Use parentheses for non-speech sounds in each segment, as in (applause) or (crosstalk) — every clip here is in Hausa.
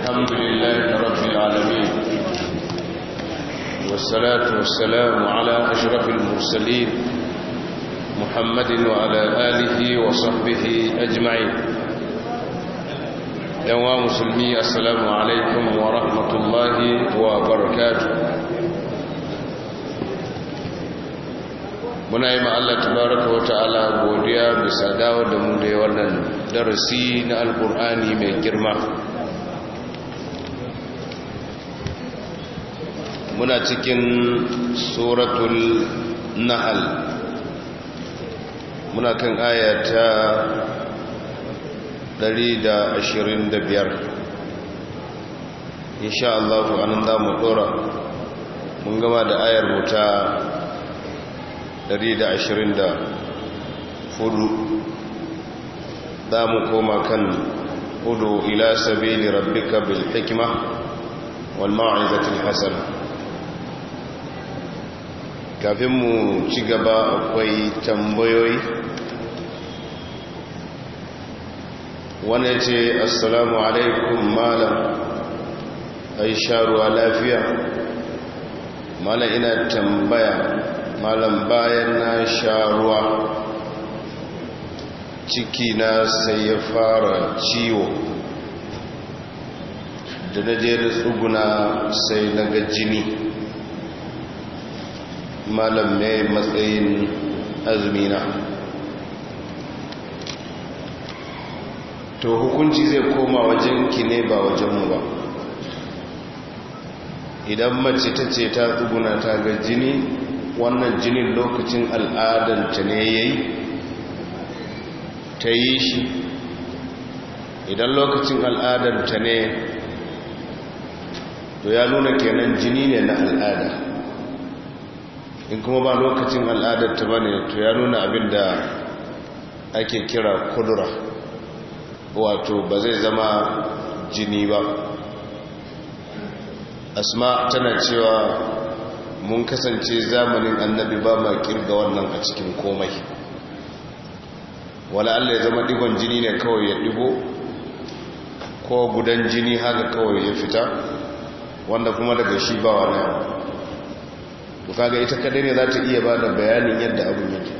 الحمد لله رب العالمين والصلاة والسلام على أشرف المرسلين محمد وعلى آله وصحبه أجمعين يا مسلمي السلام عليكم ورحمة الله وبركاته من أيما الله تبارك وتعالى ta'ala godiya bisa ولن درسين القرآن من كرمه muna cikin suratul nahal muna kan ayata 125 insha Allah anan da mu dora mun gama da ayar mu ta 124 Da mu koma kan hudu ila sabili rabbika bil hikma wal mau'izatil hasanah kafin mu ci gaba akwai tambayoyi wani ce assalamu alaikum malam ai sharuwa lafiya malam ina tambaya malam bayan na sharuwa ciki na sai ya fara ciwo da na je da tsuguna sai na ga jini malam ne matsayin azumi na. to hukunci zai koma wajen ki ne ba wajenmu ba idan mace ta ce ta tsuguna ta ga jini wannan jinin lokacin al'adanta ne ya yi ta yi shi idan lokacin al'adanta ne to ya nuna kenan jini ne na al'ada in kuma ba lokacin al'adar ta bane to ya nuna abin da ake kira kudura wato ba zai zama jini ba asma tana cewa mun kasance zamanin annabi ba ma kirga wannan a cikin komai wala Allah ya zama digon jini ne kawai ya digo ko gudan jini haka kawai ya fita wanda kuma daga shi ba wani to kaga ita kadai ne za ta iya ba da bayanin yadda abun yake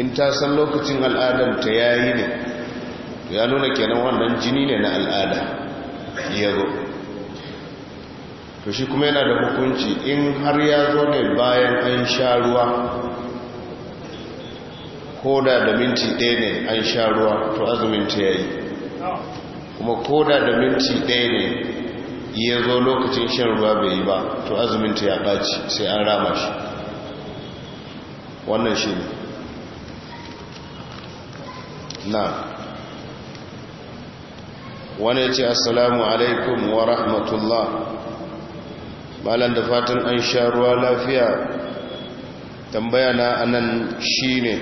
in ta san lokacin al'adar ta yayi ne to ya nuna kenan wannan jini ne na al'ada ya zo to shi kuma yana da hukunci in har ya zo ne bayan an sha ruwa ko da minti ɗaya ne an sha ruwa to azumin ta yayi kuma koda da minti ɗaya ne ya zo lokacin shan ruwa bai yi ba to azumin ta ya ɓaci sai an rama shi wannan shi ne na wani ce assalamu alaikum wa rahmatullah malan da fatan an sha ruwa lafiya tambaya na anan shi ne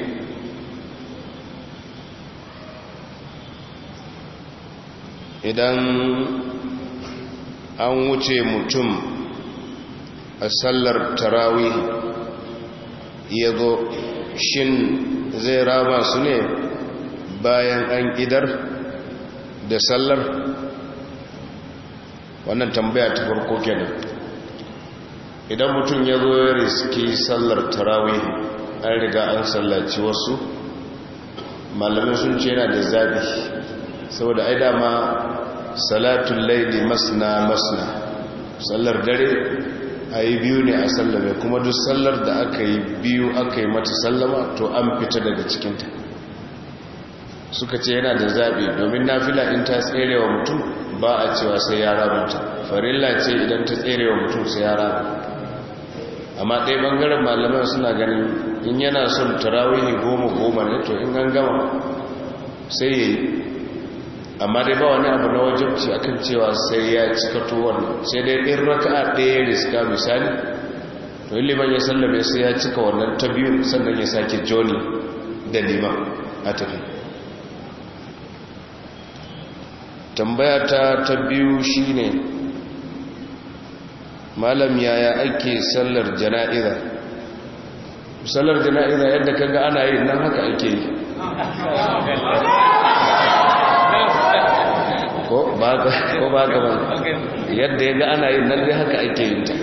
idan an wuce mutum a sallar tarawi ya zo shin zai rama su ne bayan an idar da sallar wannan tambaya ta farko kenan idan mutum ya zo ya riski sallar tarawi an riga an sallaci wasu malamin sun ce yana da zabi saboda ai dama salatun laili masna masna sallar dare a yi biyu ne a sallame kuma duk sallar da aka yi biyu aka yi mata sallama to an fita daga cikinta suka ce yana da zaɓi domin nafila in ta tserewa mutum ba a cewa sai ya rabuta farilla ce idan ta tserewa wa mutum sai ya rabanta amma ɗaya ɓangaren malaman suna ganin in yana son tarawihi goma goma ne to in gangama gama sai ya yi amma dai ba wani abu na wajabci akan cewa sai ya cikato wannan sai dai ɗin raka'a ɗaya riska misali to yi liman ya sallame sai ya cika wannan ta biyu sannan ya sake joni da liman a tafi tambaya ta ta biyu shi ne malam yaya ake sallar jana'iza sallar jana'iza yadda kaga ana yi nan haka ake yi (laughs) ko ba ka ba yadda ya ga ana yin nan dai haka ake yin ta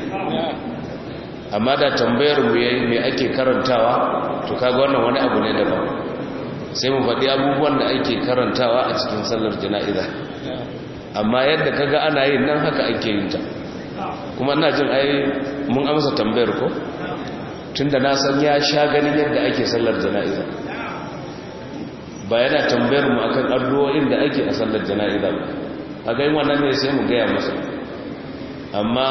amma da tambayar mu yayi me ake karantawa to kaga wannan wani abu ne daban sai mu faɗi abubuwan da ake karantawa a cikin sallar jana'iza amma yadda kaga ana yin nan haka ake yin ta kuma ina jin ai mun amsa tambayar ko tunda na san ya sha ganin yadda ake sallar jana'iza ba yana tambayar mu akan addu'o'in da ake a sallar jana'iza ba a ga wannan ne sai mu gaya masa amma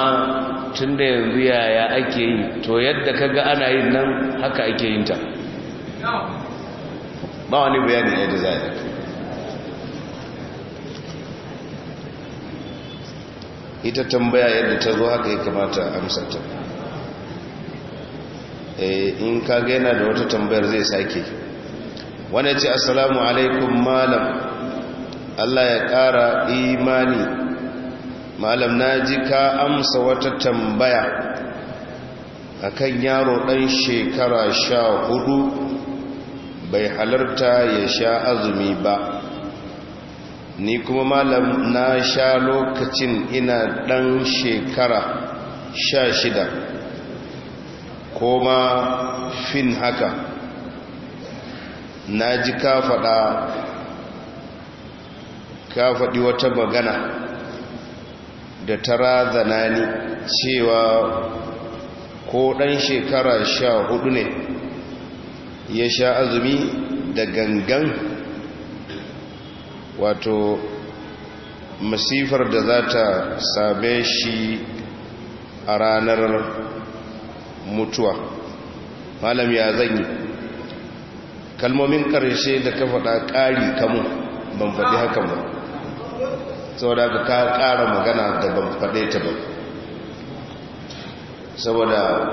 tun da yanzu ya ake yi to yadda kaga ana yin nan haka ake yin ta ba wani bayani ne da zai ita tambaya yadda ta zo haka ya kamata amsa ta eh, in kaga yana da wata tambayar zai sake wani ce asalamu alaikum malam Allah ya ƙara imani malam na ji ka amsa wata tambaya A kan yaro ɗan shekara sha hudu bai halarta ya sha azumi ba ni kuma malam na sha lokacin ina ɗan shekara sha shida ko ma fin haka na ji ka faɗi wata magana da ta razana ni cewa ko ɗan shekara sha hudu ne ya sha azumi da gangan wato masifar da za ta same shi a ranar mutuwa malam ya zanyi kalmomin karshe da ka faɗa ƙari kamun ban faɗi ah. haka ba saboda ka ka ƙara magana da ban faɗe ta ba saboda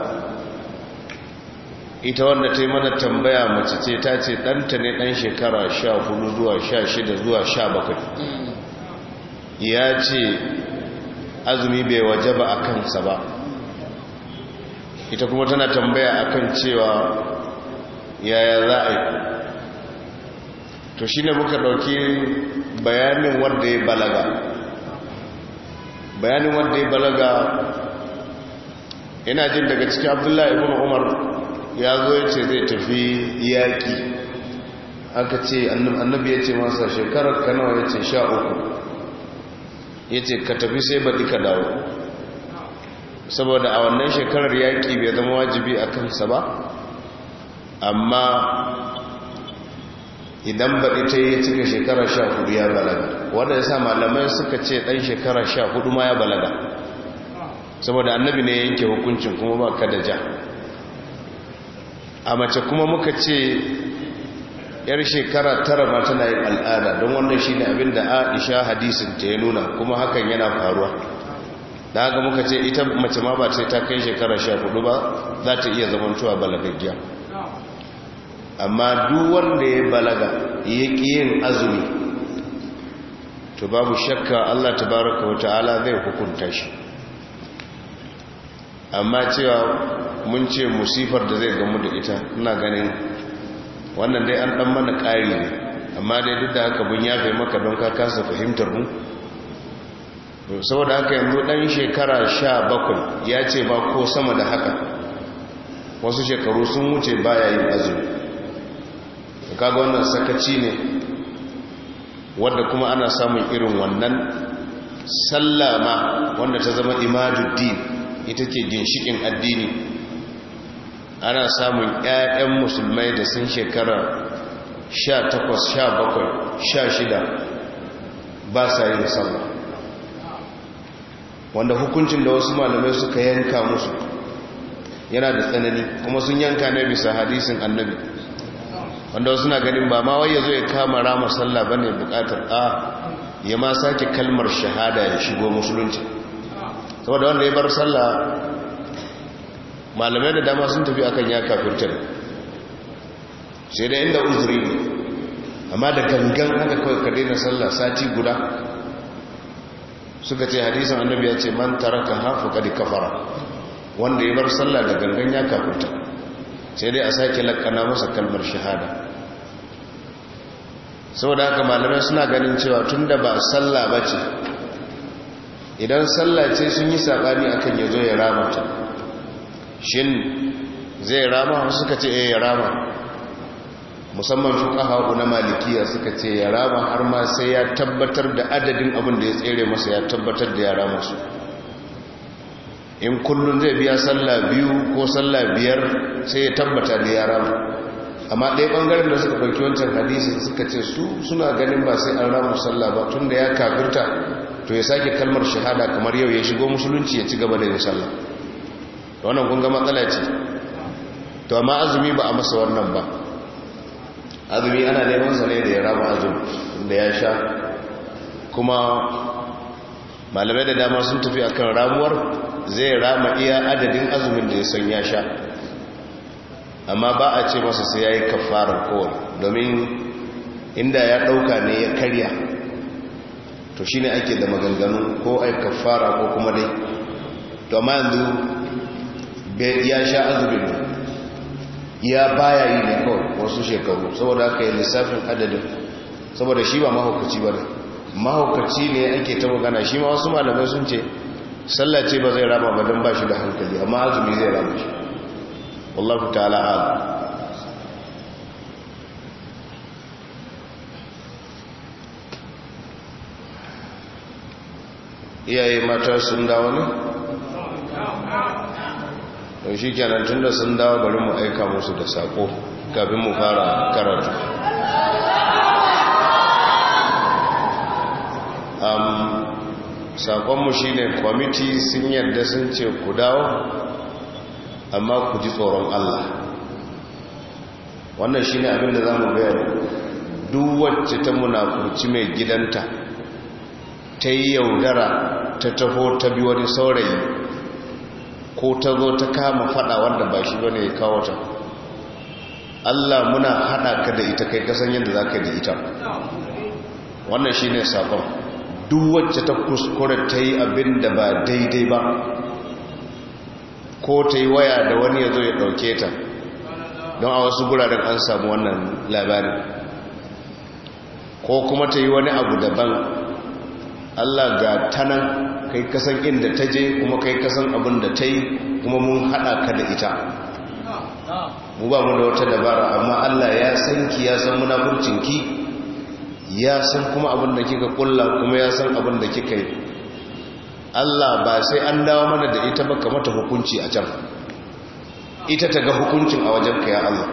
ita wanda ta yi mana tambaya mace ce ta ce ɗanta ne ɗan shekara sha hudu zuwa sha shida zuwa sha bakwai mm. ya ce azumi bai waje ba a kansa ba ita kuma tana tambaya akan cewa yaya za a yi to shi ne muka ɗauki bayanin wanda ya balaga bayanin wanda ya balaga yana jin daga cikin abdullahi ibn umar ya zo ya ce zai tafi yaƙi aka ce annabi ya ce masa shekarar kanawa ya ce sha uku ya ce ka tafi sai baɗi ka dawo saboda a wannan shekarar yaƙi bai zama wajibi a kansa ba amma idan baɗi ita yi cika shekara sha hudu ya balaga wanda ya sa malamai suka ce ɗan shekara sha hudu ma ya balaga saboda annabi ne yanke hukuncin kuma ba ka ja a mace kuma muka ce yar shekara tara ma tana yin al'ada don wannan shi ne abinda aisha hadisin ta ya nuna kuma hakan yana faruwa da haka muka ce ita mace ma ba ta kai shekara sha hudu ba za ta iya zamantowa balagaggiya amma duk wanda ya balaga ya yin azumi to babu shakka Allah tabaraka wa ta'ala zai hukunta shi amma cewa mun ce musifar da zai gamu da ita ina ganin wannan dai an dan mana ƙari ne amma dai duk da haka mun yafe maka don ka kasa fahimtar mu saboda haka yanzu dan shekara sha bakwai ya ce ba ko sama da haka wasu shekaru sun wuce baya yin azumi kaga wannan sakaci ne wadda kuma ana samun irin wannan sallama wanda ta zama imaduddin ita ce ginshikin addini ana samun 'ya'yan musulmai da sun shekara 18 17 16 ba sa yin sallah wanda hukuncin da wasu malamai suka yanka musu yana da tsanani kuma sun yanka ne bisa hadisin annabi wanda wasu na ganin ba ma wai ya zo ya kama rama sallah bane bukatar a ya ma sake kalmar shahada ya shigo musulunci saboda wanda ya bar sallah malamai da dama sun tafi akan ya kafirta sai da inda uzuri ne amma da gangan haka kawai ka daina sallah sati guda suka ce hadisan annabi ya ce man taraka hafu kadi kafara wanda ya bar sallah da gangan ya kafirta sai dai a sake lakana masa kalmar shahada saboda haka malamai suna ganin cewa tun da ba sallah ba ce idan sallah ce sun yi sabani akan kan ya ya rama ta shin zai rama suka ce eh, ya rama musamman fuqaha na malikiya suka ce ya rama har ma sai ya tabbatar da adadin abin da ya tsere masa ya tabbatar da ya rama su in kullum zai biya sallah biyu ko sallah biyar sai ya tabbata da yara amma ɗaya ɓangaren da suka ɗauki wancan hadisi suka ce su suna ganin ba sai an ramu sallah ba tun da ya kafirta to ya sake kalmar shahada kamar yau ya shigo musulunci ya ci gaba da yin sallah da wannan kun matsala ce to amma azumi ba a masa wannan ba azumi ana neman sa ne da ya rama azumi da ya sha kuma malamai da dama sun tafi akan ramuwar zai rama iya adadin azumin da ya san ya sha amma ba a ce masa sai ya yi kafarar kowane domin inda ya ɗauka ne ya karya to shine ake da maganganu ko yi kafara ko kuma dai to ma yanzu ya sha azumin ya baya yi ne kawai wasu shekaru saboda aka yi lissafin adadin saboda shi ba mahaukaci ba ne mahaukaci ne ake ta magana shi ma wasu malamai sun ce sallace ba zai rama ba don ba shi da hankali amma azumi zai rama shi wallahu ta'ala ala iyaye mata sun dawo ne? don shi kenan tun da sun dawo bari mu aika musu da sako kafin mu fara karatu Sakonmu shi ne kwamiti sun yadda sun ce ku dawo amma ku ji tsoron Allah wannan shi ne abinda za mu bayani duwacce ta munafurci mai gidanta ta yi yaudara ta taho ta bi wani saurayi ko ta zo ta kama fada wanda ba shi wani ya kawo ta Allah muna hada ka da ita kai kasan yadda za ka da ita wannan shi ne duk wacce ta kuskure ta yi abin da ba daidai ba ko ta yi waya da wani ya zo ya ɗauke ta don a wasu guraren an samu wannan labari. ko kuma ta yi wani abu daban Allah ga tanan kai kasan inda ta je kuma kai kasan abin da ta yi kuma mun haɗa ka da ita mu ba mu da wata dabara amma Allah ya san ki ya san munafurcinki ya san kuma abin da kika kulla kuma ya san abin da kika yi Allah ba sai an dawo mana da ita ba kamata hukunci a can ita ta ga hukuncin a wajen ka ya Allah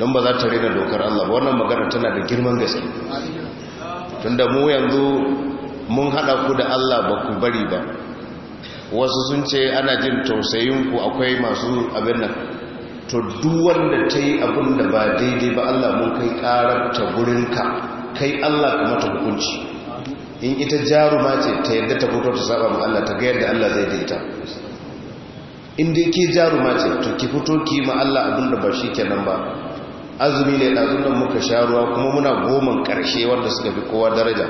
don ba za ta rena dokar Allah ba wannan magana tana da girman gaske tunda mu yanzu mun haɗa ku da Allah ba ku bari ba wasu sun ce ana jin tausayin ku akwai masu abin nan to duk wanda ta yi abin da ba daidai ba Allah mun kai ƙarar ta ka. kai Allah kuma ta hukunci in ita ma ce ta yadda ta fito ta saba ma Allah ta ga yadda Allah zai daita in dai ke jaruma ce to ki fito ki ma Allah abin da ba shi kenan ba azumi ne da muka sha ruwa kuma muna goman karshe wanda suka fi kowa daraja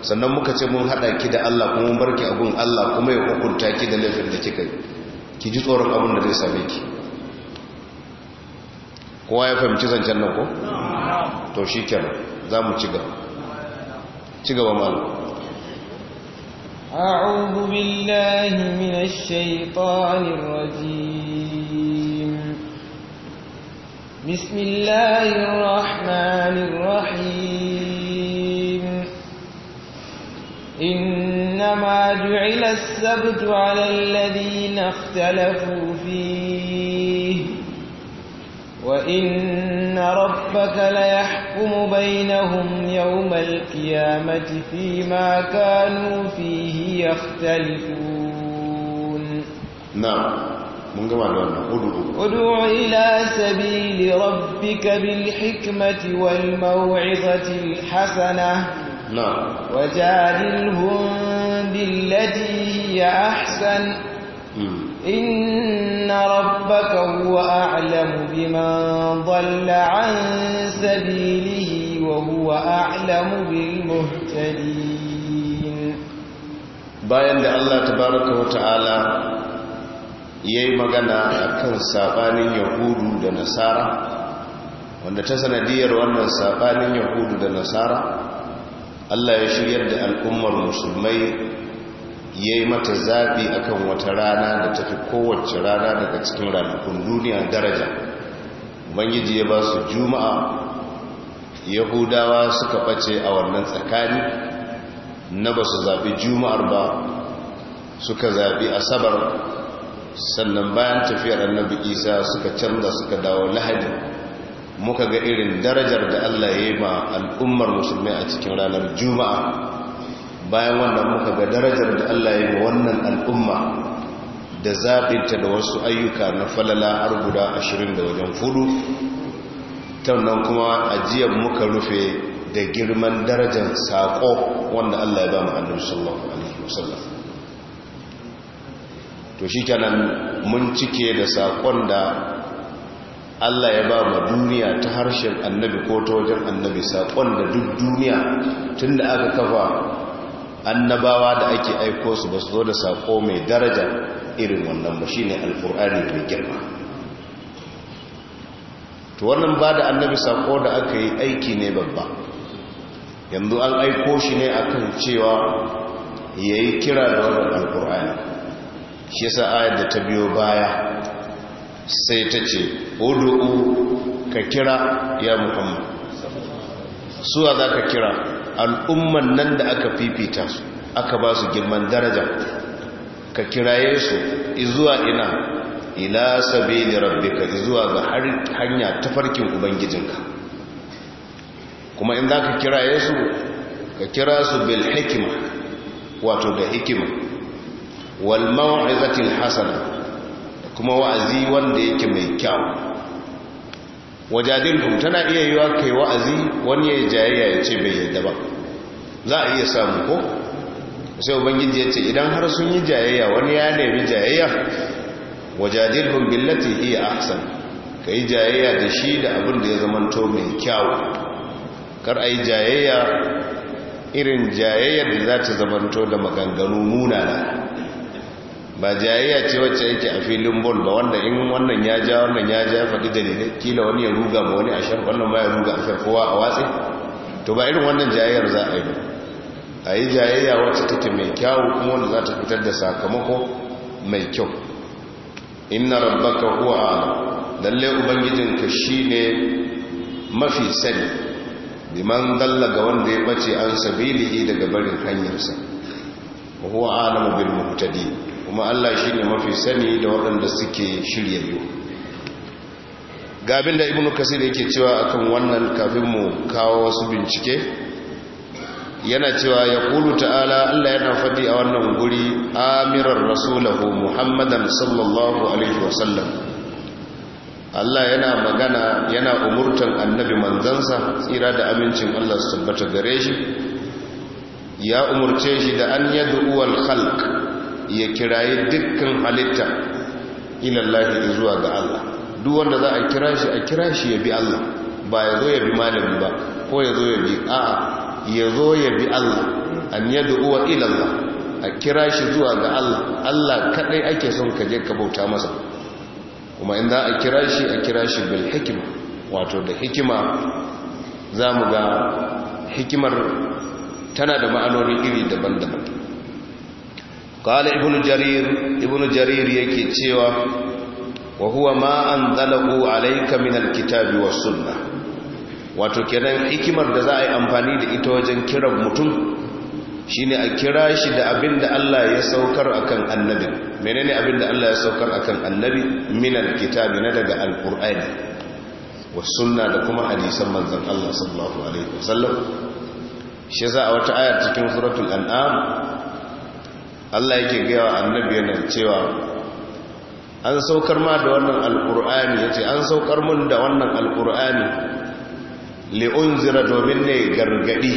sannan muka ce mun hada ki da Allah kuma mun barki abun Allah kuma ya hukunta ki da laifin da kika ki ji tsoron abun da zai same ki kowa ya fahimci zancen nan ko to shi za mu ci gaba أعوذ بالله من الشيطان الرجيم بسم الله الرحمن الرحيم إنما جعل السبت على الذين اختلفوا فيه وإن إن ربك ليحكم بينهم يوم القيامة فيما كانوا فيه يختلفون نعم من إلى سبيل ربك بالحكمة والموعظة الحسنة نعم وجادلهم بالتي هي أحسن إن إن ربك هو أعلم بمن ضل عن سبيله وهو أعلم بالمهتدين bayan da Allah tabaraka wa ta'ala yayi magana a kan sabanin yahudu da nasara wanda ta sanadiyar wannan sabanin yahudu da nasara Allah ya shiryar da al'ummar musulmai ya yi mata zaɓi akan wata rana da tafi kowace rana daga cikin ranakun duniya daraja ubangiji ya ba su juma'a yahudawa suka ɓace a wannan tsakani na ba su zaɓi juma'ar ba suka zaɓi asabar sannan bayan tafiyar annabi isa suka canza suka dawo lahadi muka ga irin darajar da allah ya yi ma al'ummar musulmi a cikin ranar juma'a bayan wannan muka ga darajar da Allah ya yi wannan al'umma da ta da wasu ayyuka na falala har guda ashirin da wajen fudu tannan kuma ajiyar muka rufe da girman darajar saƙo wanda Allah ya ba mu annabi sallallahu alaihi wasallam to shikenan mun cike da saƙon da Allah ya ba mu duniya ta harshen annabi ko ta wajen annabi saƙon da duk duniya tun da aka kafa annabawa da ake aiko su ba su zo da sako mai daraja irin wannan ba shi ne alfur'ani mai girma to wannan ba da annabi sako da aka yi aiki ne babba yanzu an aiko shi ne akan cewa ya yi kira da wannan alkur'ani shi sa ayar da ta biyo baya sai ta ce ka kira ya muhammad suwa za ka kira al'umman nan da aka fifita su aka ba su girman daraja ka kiraye su izuwa ina ila rabbi ka izuwa ga hanya ta farkin ubangijinka kuma in za ka kiraye su ka kira su bil hikima wato da hikima wal Hassana hasana kuma wa'azi wanda yake mai kyau wajadilhum tana iya yiwa kai wa'azi wani ya jayayya ya ce bai yadda ba za a iya samu ko sai ubangiji ya ce idan har sun yi jayayya wani ya nemi jayayya wajadilhum billati iya ahsan kai jayayya da shi da abin da ya zamanto mai kyau kar ai jayayya irin jayayyar da za ta zamanto da maganganu munana ba jayayya ce wacce yake a filin bol ba wanda in wannan ya ja wannan ya ja faɗi dalilai kila wani ya ruga ma wani a shan wannan ba ya ruga a shan kowa a watsi to ba irin wannan jayayyar za a yi a yi jayayya wacce take mai kyawu kuma wanda za ta fitar da sakamako mai kyau inna rabbaka huwa a'lam lalle ubangijinka shine mafi sani liman dalla ga wanda ya bace an sabilihi daga barin hanyarsa huwa a'lamu bil muhtadin kuma Allah shi ne mafi sani da waɗanda suke shirya yau gabin da ibn kasir yake cewa akan wannan kafin kawo wasu bincike yana cewa ya kulu ta'ala Allah yana faɗi a wannan guri Amiran rasulahu muhammadan sallallahu alaihi wasallam Allah yana magana yana umurtan annabi manzansa tsira da amincin Allah su tabbata gare shi ya umurce shi da an yad'u uwal khalq ya kirayi dukkan halitta ilallahi zuwa ga Allah duk wanda za a kira shi a kira shi ya bi Allah ba ya zo ya bi malami ba ko ya zo ya bi a ya zo ya bi Allah an yad'u wa ilallah a kira shi zuwa ga Allah Allah kadai ake son ka je ka bauta masa kuma in za a kira shi a kira shi bil hikima wato da hikima za mu ga hikimar tana da ma'anoni iri daban-daban قال ابن جرير ابن جرير yake cewa wa huwa ma anzalahu alayka min alkitabi was sunnah wato kenan hikimar da za a yi amfani da ita wajen kira mutum shine a kira shi da abinda Allah ya saukar akan annabi menene abinda Allah ya saukar akan annabi min alkitabi na daga alqur'ani was sunnah da kuma hadisan manzon Allah sallallahu alaihi wasallam shi za a wata ayar cikin suratul an'am Allah yake gaya wa annabi yana cewa an saukar ma da wannan alqur'ani yace an saukar mun da wannan alkur'ani li'unzira domin ne gargadi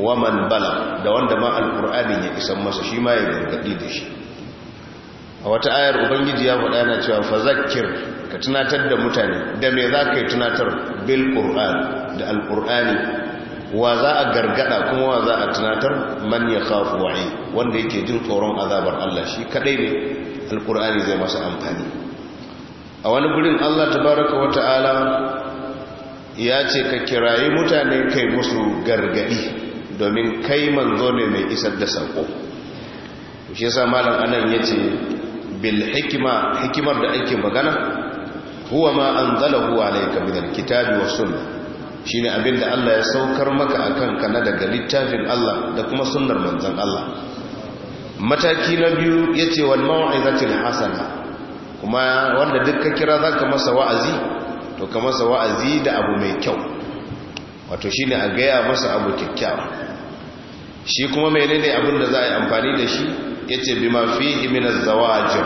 wa man bala da wanda ma alqur'ani ya isan masa shi ma ya gargadi da shi a wata ayar ubangiji ya faɗa yana cewa fazakkir ka tunatar da mutane da me za ka yi tunatar bil da alkur'ani wa za a gargada kuma wa za a tunatar man ya kafu wa'i wanda yake jin tsoron azabar Allah shi kadai ne alkur'ani zai masa amfani a wani gurin Allah tabaraka wa ta'ala ya ce ka kirayi mutane kai musu gargadi domin kai manzo ne mai isar da sako shi yasa malam anan yace bil hikma hikimar da ake magana huwa ma anzalahu alayka min alkitabi was sunnah shine abin da Allah ya saukar maka a kanka na daga littafin Allah da kuma sunnar manzon Allah mataki na biyu ya yace wal mau'izatil hasana kuma wanda duk ka kira ka masa wa'azi to ka masa wa'azi da abu mai kyau wato shine a gaya masa abu kyakkyawa shi kuma menene abin da za a yi amfani da shi yace bima bi mafi iminar zawa a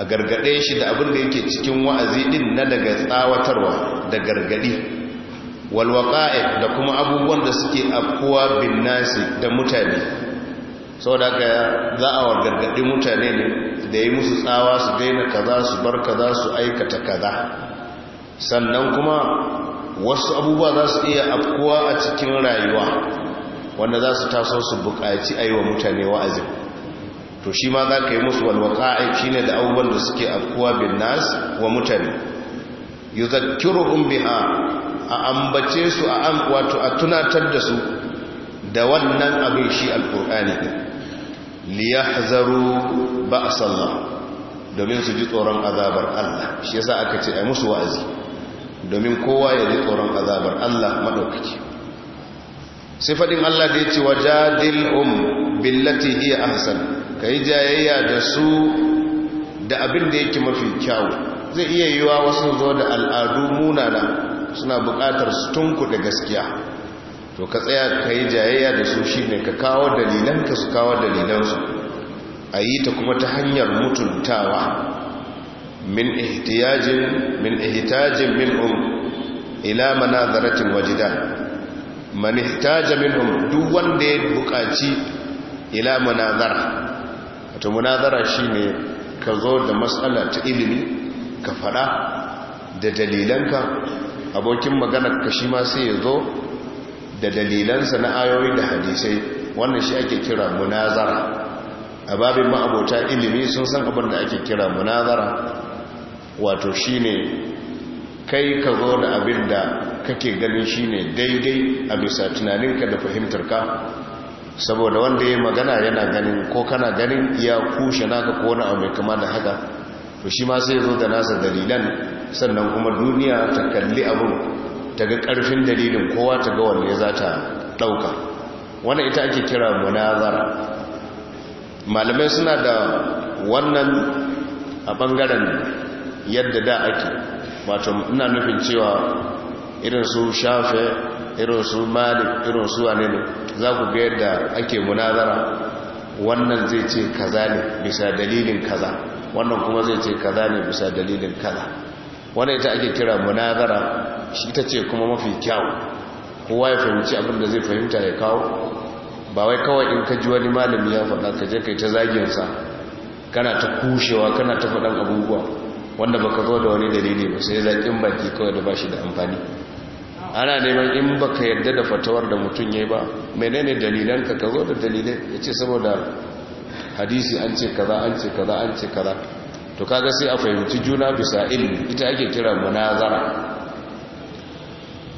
A gargaɗe shi da abin da yake cikin wa'azi din na daga tsawatarwa da gargaɗi walwaƙa'i da kuma abubuwan da suke abuwa bin nasi da mutane sau da ka za a wargargaɗi mutane ne da yi musu tsawa su daina kaza su bar kaza su aikata kaza sannan kuma wasu abubuwa za su iya afkuwa a cikin rayuwa wanda za su taso su buƙaci a yi wa mutane wa'azin to shi ma za ka yi musu walwaƙa'i shi ne da abubuwan da suke afkuwa bin nasi wa mutane yuzakkiru a? a ambace su a wato a tunatar da su da wannan abin shi alkur'ani liyahzaru ba'sallah domin su ji tsoron azabar Allah shi yasa aka ce ai musu wa'azi domin kowa ya ji tsoron azabar Allah madaukaki sai fadin Allah da yace um billati hiya ahsan kai jayayya da su da abin da yake mafi kyau zai iya yiwa wasu zo da al'adu munana suna buƙatar su tunkuɗe gaskiya to ka tsaya ka yi jayayya da su shi ne ka kawo dalilan ka su kawo dalilansu a yi ta kuma ta hanyar mutuntawa min ihtiyajin min ihtajin minhum ila manazaratin wajida man min minhum duk wanda ya buƙaci ila manazara to munazara shine ka zo da matsala ta ilimi ka fada da dalilanka abokin maganar ka shi ma sai ya zo da dalilansa na ayoyi da hadisai wannan shi ake kira munazara a babin ma'abota ilimi sun san abin da ake kira munazara wato shi ne kai ka zo da abin da kake ganin shi ne daidai a bisa tunaninka da fahimtarka saboda wanda ya magana yana ganin ko kana ganin ya kushe naka ko wani abu mai kama da haka to shi ma sai zo da nasa dalilan sannan kuma duniya ta kalli abin ta ga ƙarfin dalilin kowa ta ga wanne za ta ɗauka wannan ita ake kira munazara malamai suna da wannan a ɓangaren yadda da ake wato ina nufin cewa irin su shafe irin su malik irin su wane za ku ga yadda ake munazara wannan zai ce kaza ne bisa dalilin kaza wannan kuma zai ce kaza ne bisa dalilin kaza wanda ita ake kira munazara shi ta ce kuma mafi kyau kowa ya fahimci abin da zai fahimta ya kawo ba wai kawai in ka ji wani malami ya faɗa ka je kai ta zaginsa kana ta kushewa kana ta faɗan abubuwa wanda baka zo da wani dalili ba sai zaƙin baki kawai da ba shi da amfani ana neman in baka yarda da fatawar da mutum ya yi ba menene dalilan ka ka zo da dalilai ya ce saboda hadisi an ce kaza an ce kaza an ce kaza to kaga sai a fahimci juna bisa ilmi ita ake kira munazara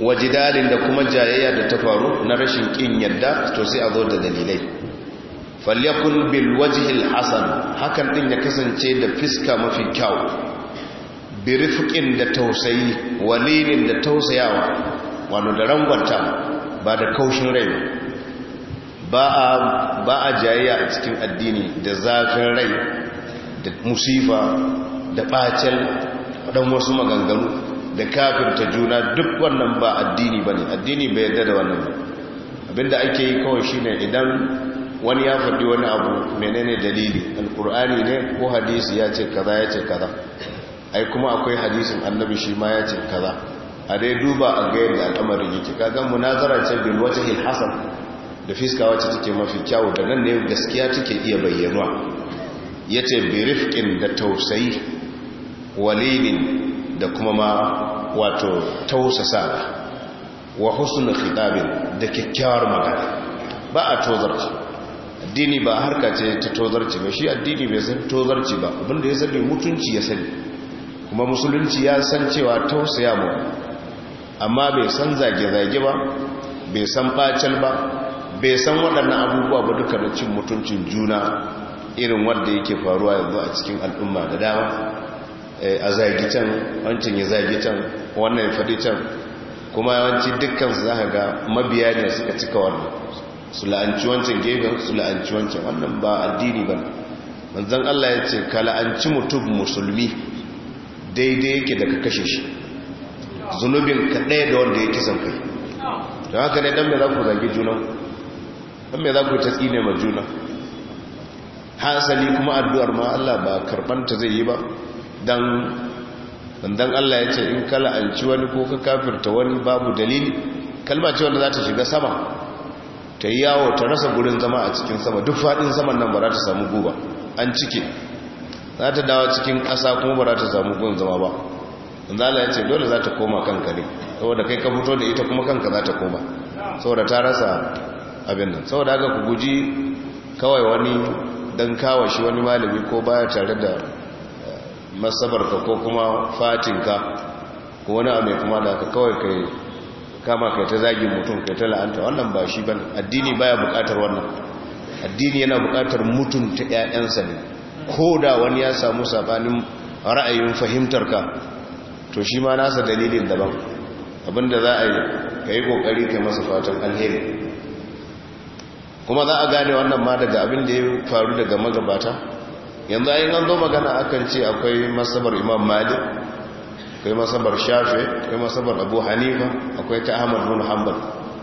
wajidalin da kuma jayayya da ta faru na rashin kin yadda to sai a zo da dalilai falyakun bil wajhil hasan hakan din ya kasance da fiska mafi kyau bi rifqin da tausayi walilin da tausayawa wato da rangwanta ba da kaushin rai ba ba a jayayya a cikin addini da zafin rai da musifa da ɓacin ɗan wasu maganganu da kafinta juna duk wannan ba addini ba ne addini bai yarda da wannan abinda ake yi kawai shine idan wani ya faɗi wani abu menene dalili alkur'ani ne ko hadisi ya ce kaza ya ce kaza ai kuma akwai hadisin annabi shi ma ya ce kaza a dai duba a ga yadda al'amarin yake kaga munazara ce bil wata hasan da fiska wacce take mafi kyawu da nan ne gaskiya take iya bayyanuwa ya ce birifkin da tausayi walilin da kuma ma wato tausasa wa husnul khidabin da kyakkyawar magana ba a tozarci addini ba harka ce ta tozarci ba shi addini bai san tozarci ba abinda ya sani mutunci ya sani kuma musulunci ya san cewa tausaya mu amma bai san zage-zage ba bai san bacal ba bai san waɗannan abubuwa ba duka na cin mutuncin juna irin wanda yake faruwa yanzu a cikin al'umma da dama eh, a zagi can wancin ya zagi can wannan ya faɗi can kuma yawanci su za ka ga mabiya ne suka cika wannan su la'anci wancan gefen su la'anci wancan wannan ba addini ba manzan Allah ya ce ka la'anci mutum musulmi daidai yake daga kashe shi zunubin ka ɗaya da wanda ya kisan kai da haka ne dan me za ku zagi juna dan me za ku ta tsine ma juna hasali kuma addu'ar ma Allah ba karɓanta zai yi ba don dan Allah ya ce in ka la'anci wani ko ka kafirta wani babu dalili kalma ce wanda za ta shiga sama ta yi yawo ta rasa gurin zama a cikin sama duk faɗin saman nan ba za ta samu guba an cike za ta dawa cikin ƙasa kuma ba za ta samu gurin zama ba allah ya ce dole za ta koma kanka ne saboda kai ka fito da ita kuma kanka za ta koma saboda ta rasa abin nan saboda haka ku guji kawai wani dan kawo shi wani malami ko baya tare da eh, masabarka ko kuma fatinka ko wani abu kuma da ka kawai kai kama kai ta zagin mutum kai ta la'anta wannan ba shi ba addini baya bukatar wannan addini yana bukatar mutunta 'ya'yansa ne ko da wani ya samu sabanin ra'ayin fahimtarka to shi ma nasa dalilin daban abinda za a yi ka kokari kai masa fatan alheri kuma za a gane wannan ma daga abin da ya faru daga magabata yanzu ayin an zo magana akan ce akwai masabar imam malik akwai masabar shafe akwai masabar abu hanifa akwai ta ahmad bin hanbal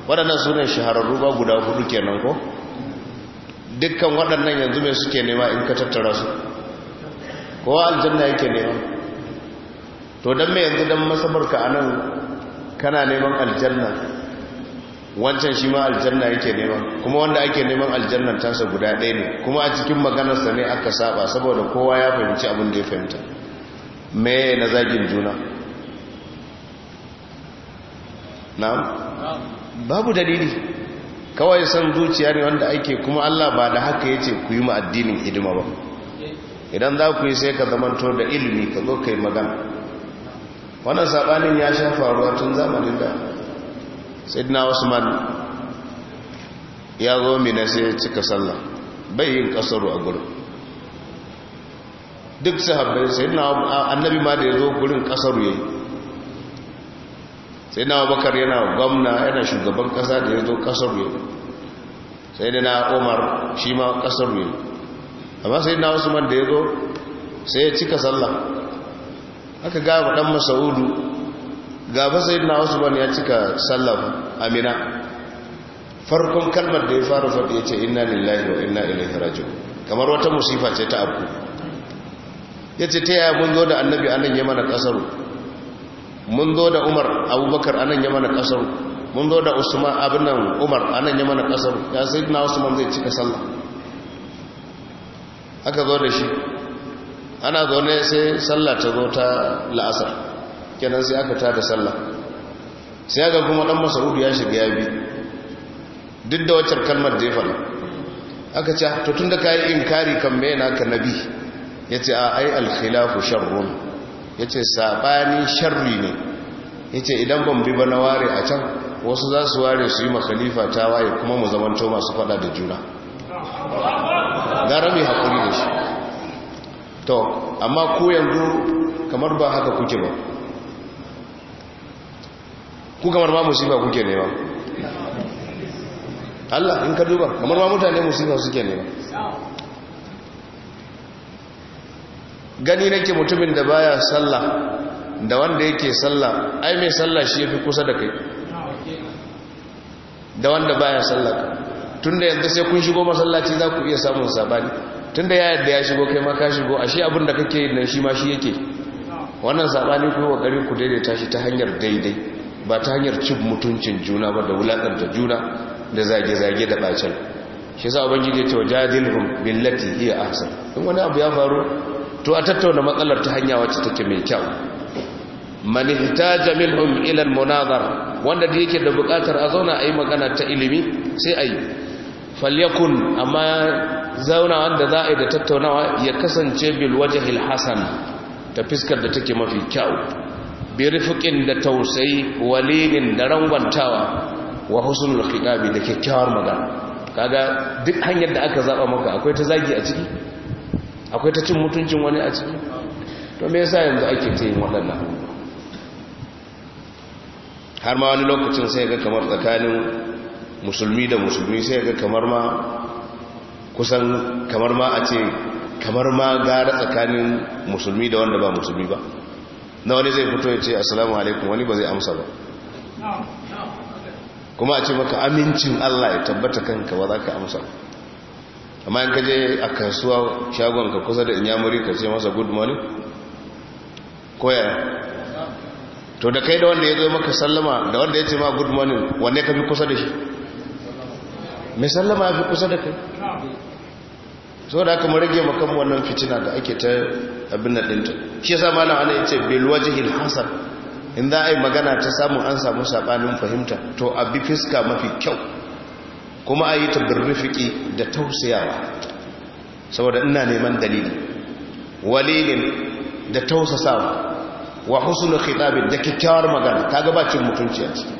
waɗannan sunan shahararru ba guda hudu kenan ko dukkan waɗannan yanzu mai suke nema in ka tattara su kowa aljanna yake nema to don mai yanzu don masabarka ka anan kana neman aljanna wancan shi ma aljanna yake nema kuma wanda ake neman aljannar tasa guda ɗaya ne kuma a cikin maganarsa ne aka saba saboda kowa ya fahimci abin da ya fahimta me na zagin juna na babu dalili kawai san zuciya ne wanda ake kuma Allah ba da haka yace ku yi mu addinin hidima ba idan za ku yi sai ka zamanto da ilimi ka zo ka yi magana wannan sabanin ya sha faruwa tun zamanin da sayyidina usman ya zo mina sai ya cika sallah bai yin kasaru a gurin duk sahabbai sayyidina annabi ma da ya zo gurin kasaru yayi sayyidina abubakar yana gwamna yana shugaban kasa da ya zo kasaru yayi sayyidina umar shi ma kasaru yayi amma sayyidina usman da ya zo sai ya cika sallah aka gaba dan masaudu gaba sai na usman ya cika sallah amina farkon kalmar da ya faru faɗi ya ce inna lillahi wa inna ilaihi raji'un kamar wata musifa ce ta abu ya ce ta yaya mun zo da annabi anan ya mana kasaru mun zo da umar abubakar anan ya mana kasaru mun zo da usman abin nan umar anan ya mana kasaru ya sai na usman zai cika sallah aka zo da shi ana zaune sai sallah ta zo ta la'asar kenan sai aka tada sallah sai ga kuma dan masaudu ya shiga ya bi duk da waccar kalmar da ya faɗa aka ce ah, to tunda kai inkari kan me yana ka nabi yace a ah, ai al khilafu sharrun yace sabani sharri ne yace idan ban bi ba na ware a can wasu za su ware su yi ma ta waye kuma mu zamanto masu faɗa da juna gara mai haƙuri da shi to amma ko yanzu kamar ba haka kuke ba ku kamar ma musifa kuke nema Allah in ka duba kamar ma mutane musifa suke nema gani nake mutumin da baya sallah da wanda yake sallah ai mai sallah shi yafi kusa da kai da wanda baya sallah tunda yanzu sai kun shigo masallaci za ku iya samun sabani tunda ya yadda ya shigo kai ma ka shigo ashe abin da kake nan shi ma shi yake wannan sabani ku kokari ku daidaita shi ta hanyar daidai ba ta hanyar cin mutuncin juna ba da wulaƙanta juna da zage-zage da ɓacin shi sa ubangiji cewa jadilhum billati iya ahsan in wani abu ya faru to a tattauna matsalar ta hanya wacce take mai kyau man jamil minhum ilan munazar wanda da yake da buƙatar a zauna yi magana ta ilimi sai ayi falyakun amma zauna wanda za a yi da tattaunawa ya kasance bil wajhil hasan ta fiskar da take mafi kyau bi da tausayi walilin da rangwantawa wa husnul khitabi da kyakkyawar magana kaga duk hanyar da aka zaba maka akwai ta zagi a ciki akwai ta cin mutuncin wani a ciki to me yasa yanzu ake ta yin har ma wani lokacin sai ga kamar tsakanin musulmi da musulmi sai ga kamar ma kusan kamar ma a ce kamar ma gara tsakanin musulmi da wanda ba musulmi ba na wani zai fito ya ce assalamu alaikum wani ba zai amsa ba kuma a ce maka amincin Allah ya tabbata kanka ba za ka amsa amma in ka je a kasuwa shagon ka kusa da inyamuri ka ce masa good morning koya to da kai da wanda ya zo maka sallama da wanda ya ce ma good morning wanne ka fi kusa da shi mai sallama ya fi kusa da kai so da aka rage makan wannan fitina da ake ta abin da dinta shi yasa malam ana yace bil wajhil hasan in za a yi magana ta samu an samu sabanin fahimta to a bi fiska mafi kyau kuma a yi ta birrifiki da tausayawa saboda ina neman dalili walilin da tausasawa wa husnu khitabin da kyakkyawar magana kaga bakin mutunci a ciki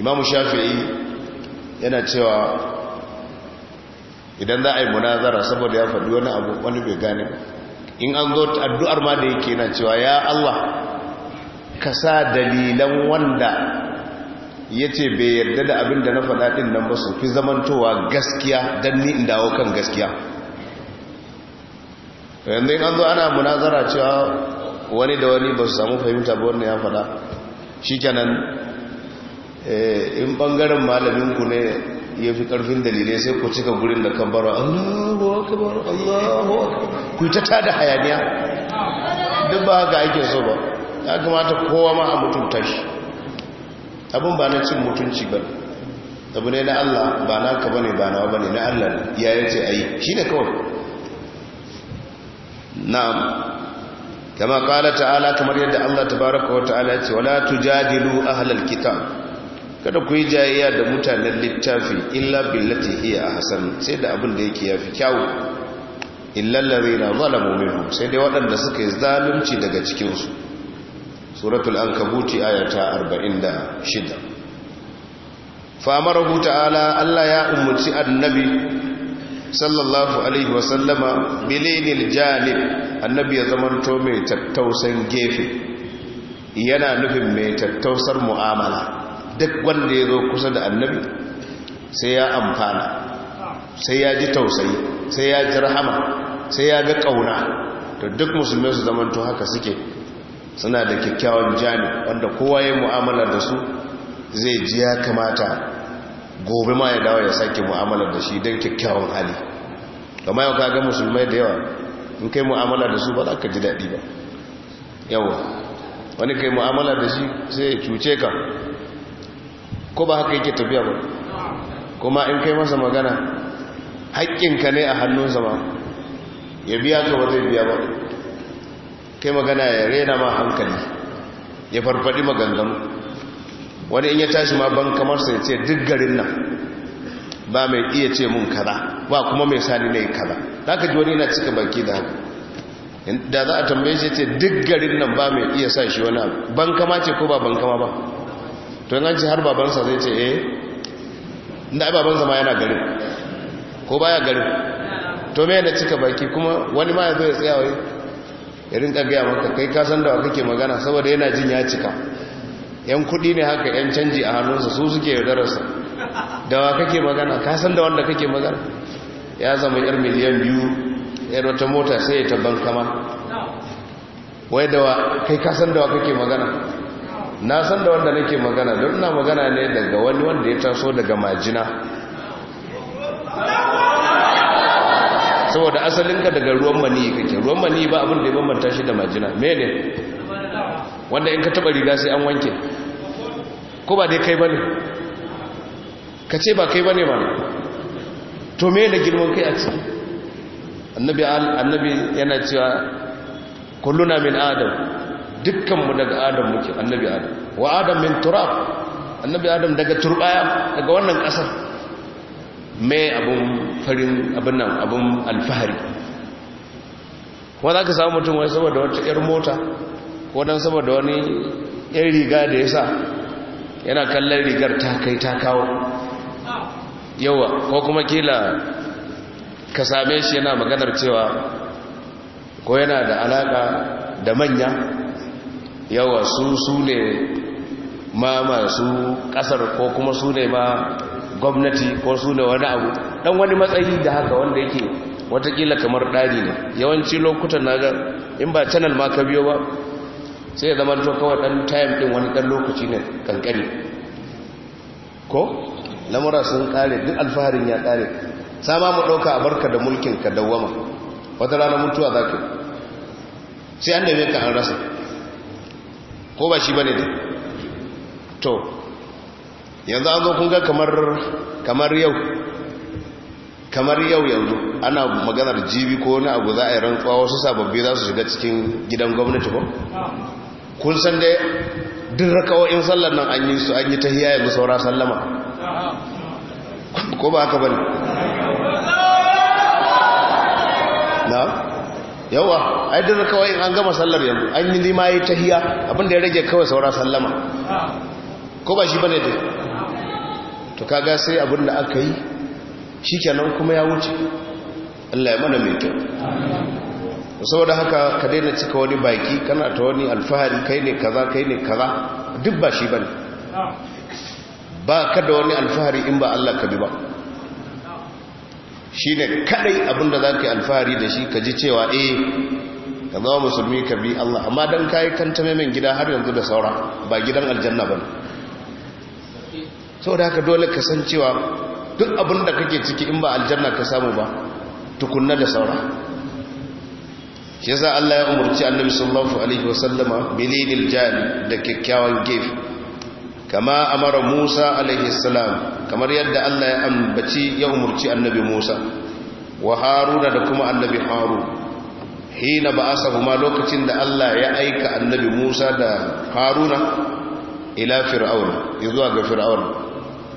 imamu shafi'i yana cewa idan za a yi munazara saboda ya faɗi wani abu wani bai gane in an zo addu'ar ma da yake na cewa ya Allah ka sa dalilan wanda ya ce bai yarda da abin da na faɗa ɗin nan ba su fi zamantowa gaskiya don ni in dawo kan gaskiya yanzu in an zo ana munazara cewa wani da wani ba su samu fahimta ba wani ya faɗa shi kenan eh, in ɓangaren malaminku ne ya fi karfin dalilai sai ku cika gurin da kan baro allahu akabar allahu akabar ku ta tada hayaniya duk ba ga ake so ba ya kamata kowa ma a mutunta shi abin ba na cin mutunci ba abu ne na allah ba na ka bane ba nawa bane na allah ya yi a yi shi ne kawai na'am kama kala ta'ala kamar yadda allah ta wa ta'ala ya ce wala tujadilu ahlal kitab kada ku yi jayayya da mutanen littafi illa billati hiya ahsan sai da abin da yake yafi kyau illa allazina zalamu minhum sai dai waɗanda suka yi zalunci daga cikin su suratul ankabut ayata 46 fa hu ta'ala Allah ya umurci annabi sallallahu alaihi wa sallama bilinil janib annabi ya zamanto mai tattausan gefe yana nufin mai tattausar mu'amala duk wanda ya zo kusa da annabi sai ya amfana sai ya ji tausayi sai ya ji rahama sai ya ga ƙauna da duk musulmai su zamanto haka suke suna da kyakkyawan jami wanda kowa ya mu'amala da su zai ji ya kamata gobe ma ya dawo ya sake mu'amala da shi don kyakkyawan hali kama yau ka ga musulmai da yawa in kai mu'amala da su ba za ka ji daɗi ba yawa wani kai mu'amala da shi sai ya cuce ka ko ba haka yake tafiya ba kuma in kai masa magana haƙƙinka ne a hannunsa ba ya biya ka ba zai biya ba kai magana ya rena ma hankali ya farfadi maganganu wani in ya tashi ma ban kamar sai ce duk garin nan ba mai iya ce mun kaza ba kuma mai sani ne kaza za ka ji wani yana cika baki da haka da za a tambaye shi ce duk garin nan ba mai iya sa shi wani abu ban kama ce ko ba ban kama ba to an ce har babansa zai ce eh inda babansa ma yana garin ko baya garin to me da cika baki kuma wani ma ya zo ya tsaya wai ya rinka gaya maka kai kasan da kake magana saboda yana jin ya cika yan kudi ne haka yan canji a hannunsa su suke yaudararsa da wa kake magana kasan da wanda kake magana ya zama yar miliyan biyu yar wata mota sai ya taban kama wai da wa kai kasan da wa kake magana na san da wanda nake magana don na magana ne daga wani wanda ya taso daga majina saboda asalin ka daga ruwan mani kake ruwan mani ba abin da ya bambanta shi da majina mene wanda in ka taba riga sai an wanke ko ba dai kai bane ka ce ba kai bane ba to me da girman kai a ciki annabi annabi yana cewa kulluna min adam dukkanmu daga adam muke annabi adam wa adam min turab annabi adam daga turbaya daga wannan ƙasar mai abin farin abin nan abun alfahari wanda aka samu mutum wani saboda wata 'yar mota ko don saboda wani yar riga da ya sa yana kallon rigar ta kai ta kawo yawa ko kuma kila ka same shi yana maganar cewa ko yana da alaka da manya yawa su su ne ma masu kasar ko kuma su ne ma gwamnati ko su ne wani abu dan wani matsayi da haka wanda yake watakila kamar ɗari ne yawanci lokutan na ga in ba channel ma ka biyo ba sai ya zama to kawai ɗan time ɗin wani ɗan lokaci ne kankari ko lamura sun ƙare duk alfaharin ya ƙare sama mu ɗauka a barka da mulkin ka dawama wata rana mutuwa za ka sai an da ka an rasa ko ba shi ba ne to yanzu an zo kun kamar yau kamar yau yanzu ana maganar jibi ko wani abu za a yi rantsuwa wasu sababbi za su shiga cikin gidan gwamnati ko? kun san dai duk raka'o'in sallar nan an yi su an yi ta hiyaye mu saura sallama ko ba haka bane na yawa ai da kawai in an gama sallar yanzu an yi lima yi tahiya abinda ya rage kawai saura sallama ko ba shi bane dai to kaga sai abinda da aka yi shi kenan kuma ya wuce Allah ya mana mai kyau saboda haka ka daina cika wani baki kana ta wani alfahari kai ne kaza kai ne kaza duk ba shi bane ba ka da wani alfahari in ba Allah ka bi ba shi ne kadai abinda za ka yi alfahari da shi ka ji cewa e, ka zama musulmi ka bi Allah amma don kayi kanta mai gida har yanzu da saura ba gidan aljanna ba sau da haka dole ka san cewa duk abinda kake ciki in ba aljanna ka samu ba tukunna da saura shi yasa Allah ya umarci annabi sallallahu alaihi wasallama bilidil jani da kyakkyawan gefe kama amara musa alaihissalam kamar yadda allah ya ambaci ya umarci annabi musa wa haruna da kuma annabi haru hina ba kuma lokacin da allah ya aika annabi musa da haruna ila fir'auna zuwa ga fir'auna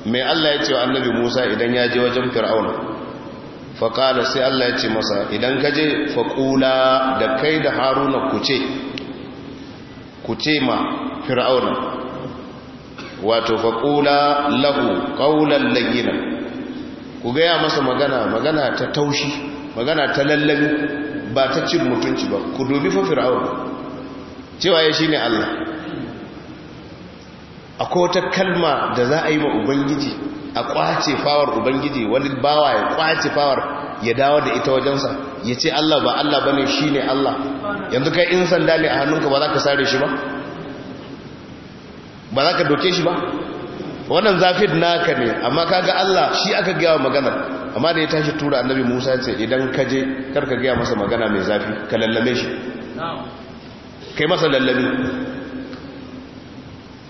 mai allah ya ce wa annabi musa idan ya je wajen fir'auna faƙala sai allah ya ce masa idan ka je faƙula da kai da haruna ku ce ku ce ma fir'auna wato faƙula lahu ƙaunar lagina ku gaya masa magana magana ta taushi magana ta lallabi ba ta cin mutunci ba ku dubi fa fir'aun cewa ya shine Allah akwai wata kalma da za a yi wa ubangiji a kwace fawar ubangiji wani bawa ya kwace fawar ya dawo da ita wajensa ya ce Allah ba Allah bane shine Allah yanzu kai in sanda ne a hannunka ba za ka sare shi ba ba za ka doke shi ba wannan zafin naka ne amma kaga Allah shi aka gaya wa magana amma da ya tashi tura annabi Musa ya ce idan ka je kar ka gaya masa magana mai zafi ka lallame shi kai masa lallami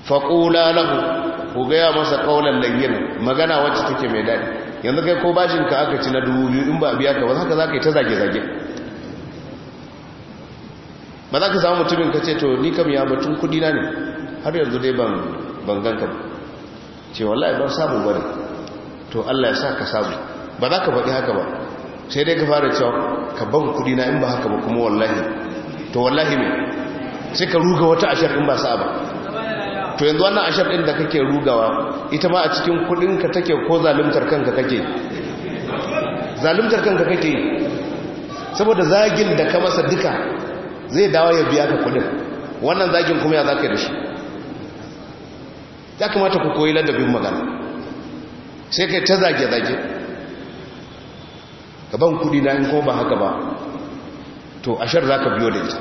faƙula lahu ku gaya masa ƙaunar layyana magana wacce take mai daɗi yanzu kai ko ka aka ci na dubu biyu in ba biya ka ba haka za ka yi ta zage-zage ba za ka samu mutumin ka ce to ni kam ya batun kudina ne har yanzu dai ban ban ganka ce wallahi ban samu bane to Allah ya sa ka samu ba za ka faɗi haka ba sai dai ka fara cewa ka ban kuɗi na in ba haka ba kuma wallahi to wallahi me sai ka ruga wata ashar in ba sa'a ba to yanzu wannan ashar din da kake rugawa ita ma a cikin kudin ka take ko zaluntar kanka kake zaluntar kanka kake saboda zagin da ka masa duka zai dawo ya biya ka kuɗin wannan zagin kuma ya zaka da shi ya kamata ku koyi ladabin magana sai kai ta zage-zage gaban kudi na in ko ba haka ba to ashar za ka biyo da ita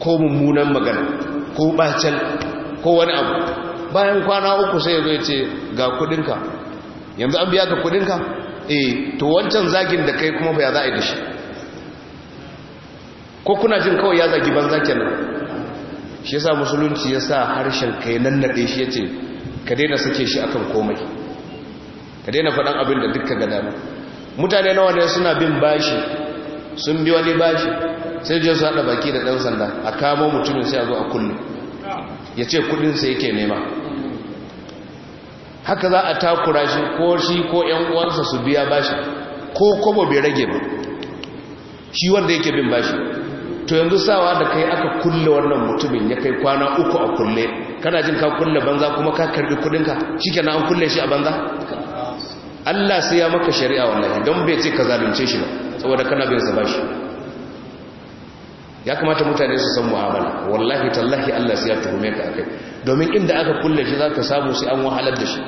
ko mummunan magana ko bacin ko wani abu bayan kwana uku sai ya zo ce ga kudinka yanzu an biya ka kudinka eh to wancan zagin da kai kuma ba ya za a yi da shi ko kuna jin kawai ya zagi banza nan? shi yasa musulunci ya sa harshen kai nannaɗe shi ya ce ka daina sake shi akan komai ka daina faɗan abin da duka gada mutane nawa ne suna bin bashi sun bi wani bashi sai jiya su haɗa baki da ɗan sanda a kamo mutumin sai a zo a kullum ya ce kudinsa yake nema haka za a takura shi ko shi ko ‘yan uwansa su biya bashi ko kwabo bai rage ba shi wanda yake bin bashi to yanzu sawa da kai aka kulle wannan mutumin ya kai kwana uku a kulle kana jin ka kulle banza kuma ka karbi kudinka shike na an kulle shi a banza Allah sai ya maka shari'a wallahi don bai ce ka zalunce shi ba saboda kana bin sa bashi ya kamata mutane su san mu'amala wallahi tallahi Allah sai ya tuhume ka akai domin inda aka kulle shi zaka samu sai an wahalar da shi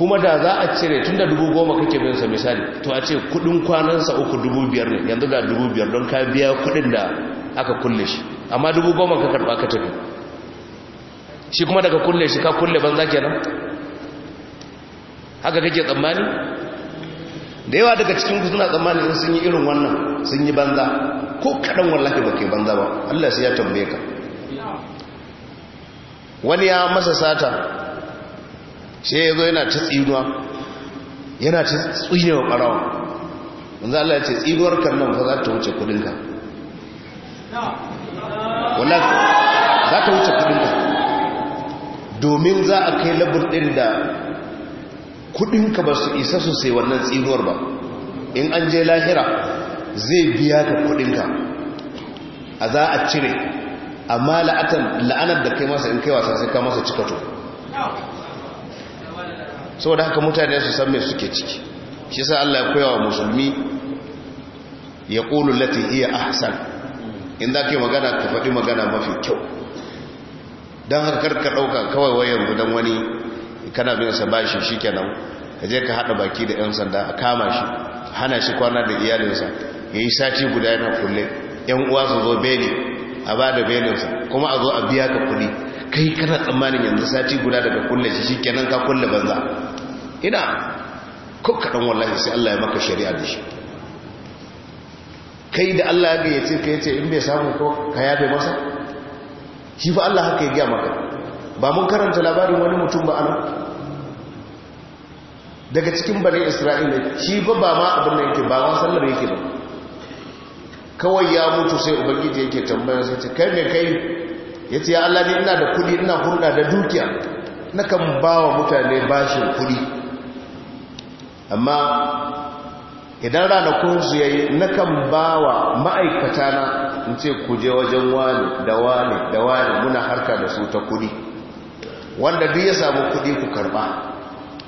kuma da za a cire tun da dubu goma kake binsa misali to a ce kudin kwanansa uku dubu biyar ne yanzu da dubu biyar don ka biya kudin da aka kulle shi amma dubu goma ka karba ka tafi shi kuma daga kulle shi ka kulle banza kenan haka kake tsammani da yawa daga cikin ku suna tsammani in sun yi irin wannan sun yi banza ko kaɗan wallahi ba kai banza ba Allah sai ya tambaye ka wani ya masa sata sai ya zo yana ta tsinuwa yana ta tsinuwa ɓarawa wanzu Allah ya ce tsinuwar kan nan fa za ta wuce kudinka wala za ta wuce kudinka domin za a kai labur ɗin da kudinka ba su isa su sai wannan tsinuwar ba in an je lahira zai biya ka kudinka a za a cire amma la'anar da kai masa in kai wasa sai ka masa cikato saboda haka mutane su san me suke ciki shi sa Allah ya koya wa musulmi ya qulu lati hiya ahsan in zaka yi magana ka faɗi magana mafi kyau dan haka karka ɗauka kawai wayan gudan wani kana bin sa bashi shikenan ka je ka hada baki da yan sanda a kama shi hana shi kwana da iyalinsa yayi sati guda yana kulle yan uwa su zo beli a ba da belinsa kuma a zo a biya ka kuɗi kai kana tsammanin yanzu sati guda daga kulle shi shikenan ka kulle banza ina ko kaɗan wallahi sai Allah ya maka shari'a da shi kai da Allah ya ce ka yace in bai samu ko ka yabe masa shi fa Allah haka ya ga maka ba mun karanta labarin wani mutum ba anan daga cikin bani Isra'ila shi fa ba ma abin da yake ba ma sallar yake ba kawai ya mutu sai ubangiji yake tambaya sai ce kai ne kai yace ya Allah ne ina da kudi ina hurda da dukiya nakan ba wa mutane bashin kudi amma idan ranakun su yayi kan bawa ma'aikata na in ce ku je wajen wani da wani da wani muna harka da su ta kudi wanda duk ya samu kudi ku karba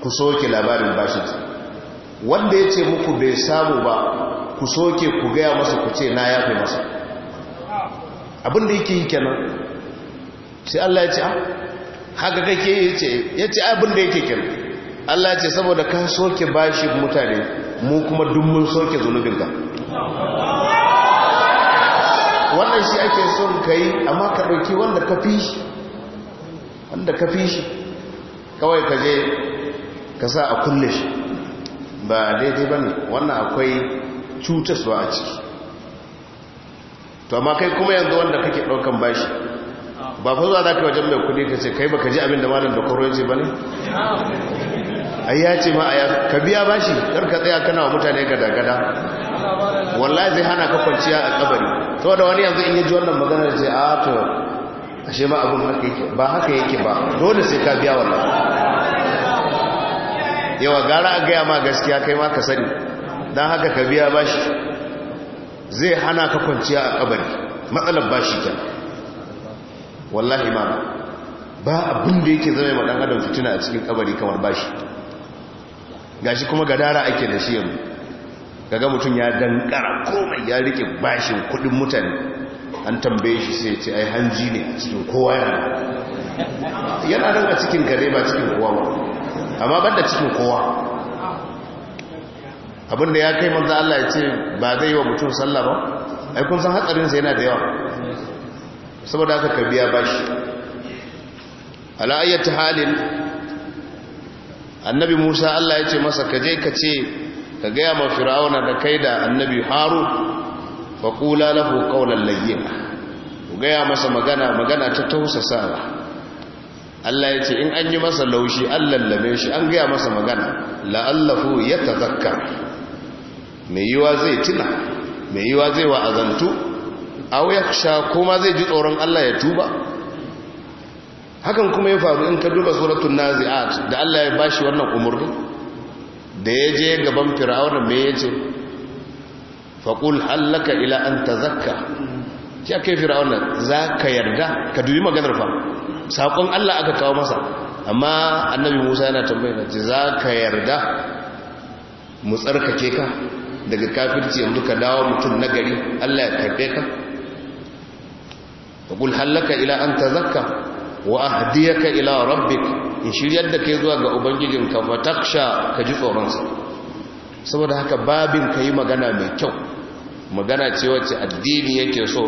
ku soke labarin bashin wanda ya ce muku bai samu ba ku soke ku gaya masa ku ce na yafe masa abinda yake yi kenan sai Allah ya ce ah, haka kake ya ce ah, abinda yake kenan Allah ce saboda ka soke bashi mutane mu kuma duk mun soke zunubinka wannan shi ake son ka yi amma ka ɗauki wanda ka fi shi wanda ka fi shi kawai ka je ka sa a kulle shi ba daidai ba ne wannan akwai cutaswa a ciki to amma kai kuma yanzu wanda kake ɗaukan bashi ba fa zuwa za ka wajen mai kudi ka ce kai ba ka ji abin da malam da kwaro ya ce ba ne ai ya ce ma ka biya bashi kar ka tsaya kana wa mutane gada-gada wallahi zai hana ka kwanciya a kabari da wani yanzu in yaji ji wannan maganar ce a to ashe ma abin haka yake ba haka yake ba dole sai ka biya wallahi yawa gara a gaya ma gaskiya kai ma ka sani dan haka ka biya bashi zai hana ka kwanciya a kabari matsalar bashi ta wallahi ma ba abin da yake zama ma dan adam fitina a cikin kabari kamar bashi gashi kuma gadara ake da shi yanzu Daga mutum ya dankara komai ya rike bashin kudin mutane an tambaye shi sai ce ai hanji ne a cikin kowa yana yana nan a cikin gare ba cikin kowa ba amma banda cikin kowa abinda ya kai manzo Allah ya ce ba zai yi wa mutum sallah ba ai kun san hatsarin sa yana da yawa saboda haka ka biya bashi ala ayyati halin annabi musa allah ya ce masa ka je ka ce ka gaya ma firawuna da kai da annabi haru faƙula lahu ƙaunar layyina ku gaya masa magana magana ta tausasawa allah ya ce in an yi masa laushi an lallame shi an gaya masa magana la'allahu ya tazakka mai yiwa zai tuna mai yiwa zai wa'azantu a wuyar sha kuma zai ji tsoron allah ya tuba hakan kuma ya faru in ka duba suratul nazi'at da Allah ya bashi wannan umurni da ya je gaban fir'auna me yace faqul halaka ila an tazakka ki akai fir'auna za ka yarda ka dubi maganar fa sakon Allah aka kawo masa amma annabi Musa yana tambayar ce za ka yarda mu tsarkake ka daga kafirci yanzu ka dawo mutum nagari Allah ya karbe ka faqul halaka ila an tazakka wa ahdiyaka ila rabbik in shiryar da kai zuwa ga ubangijinka fataksha ka ji tsoronsa saboda haka babin ka yi magana mai kyau magana ce wacce addini yake so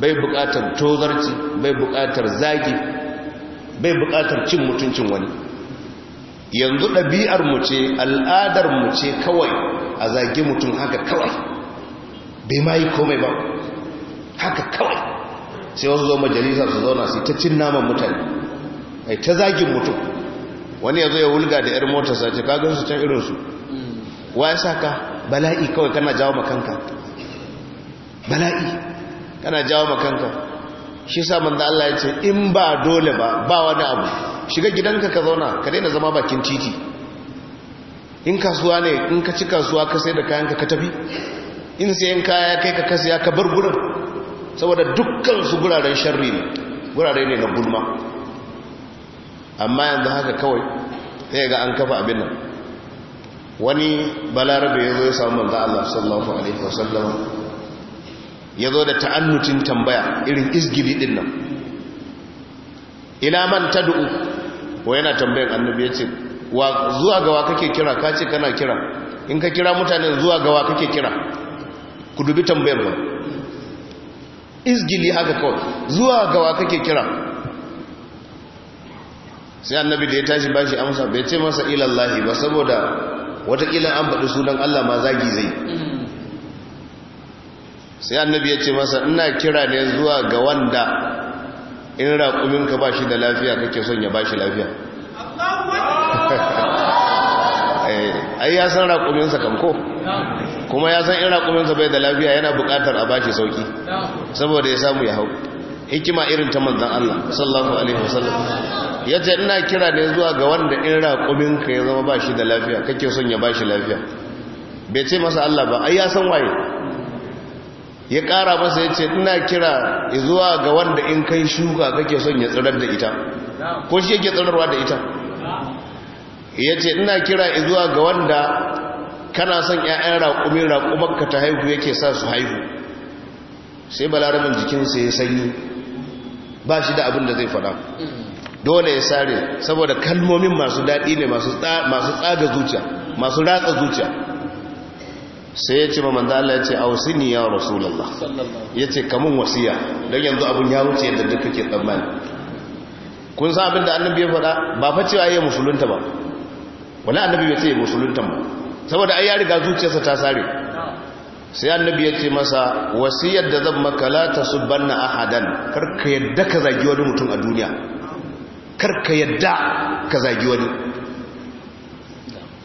bai buƙatar tozarci bai buƙatar zagi bai buƙatar cin mutuncin wani yanzu ɗabi'ar mu ce al'adar mu ce kawai a zagi mutum haka kawai bai ma yi komai ba haka kawai sai wasu zo majalisa su zauna su ta cin naman mutane ai ta zagin mutum wani ya zo ya wulga da 'yar motar sace ka gansu su can hmm. irinsu wa ya saka bala'i kawai kana jawo makanka bala'i kana jawo makanka shi sa manzo Allah ya ce in ba dole ba ba wani abu shiga gidanka ka zauna ka daina zama bakin titi in kasuwa ne in ka ci kasuwa ka sai da kayanka ka tafi in sayan kaya kai ka kasiya ka bar gurin saboda dukkan su guraren sharri ne gurare ne na gulma amma yanzu haka kawai sai ga an kafa abin nan wani balarabe ya zo ya samu manzo Allah sallallahu alaihi wasallam ya zo da ta'annutin tambaya irin izgili din nan ila man tad'u wa yana tambayan annabi yace wa zuwa gawa kake kira kace kana kira in ka kira mutanen zuwa gawa kake kira ku dubi tambayar ba izgili haka kawai zuwa gawa kake kira sai annabi da ya tashi bashi amsa bai ce masa ilallahi ba saboda watakila an baɗi sunan Allah ma zagi zai sai annabi ya ce masa ina kira ne zuwa ga wanda in raƙuminka ba shi da lafiya kake son ya ba shi lafiya ai ya san raƙuminsa ko kuma ya san in raƙuminsa bai da lafiya yana buƙatar a shi sauki saboda ya samu ya hau hikima irin ta manzan Allah sallallahu alaihi wasallam ya ce ina kira ne zuwa ga wanda in raƙuminka ya zama bashi da lafiya kake son ya bashi lafiya bai ce masa Allah ba ai ya san waye ya ƙara masa ya ce ina kira zuwa ga wanda in kai shuka kake son ya tsirar da ita ko shi yake tsirarwa da ita ya ce ina kira izuwa ga wanda kana son 'ya'yan raƙumi raƙumarka ta haihu yake sa su haihu sai balarabin jikinsa ya sanyi ba shi da abin da zai faɗa dole ya sare saboda kalmomin masu daɗi ne masu tsaga zuciya masu ratsa zuciya sai ya ce ma manzan Allah ya ce ni ya lalla ya ce kamun wasiya don yanzu abin ya wuce yadda duka ke tsammani kun san abin da annabi ya faɗa ba fa cewa ya musulunta ba wala annabi bai ce musulunta ba saboda ai ya riga zuciyarsa ta sare sai annabi ya ce masa wasiyar da zan maka la tasubanna ahadan karka yadda ka zagi wani mutum a duniya karka yadda ka zagi wani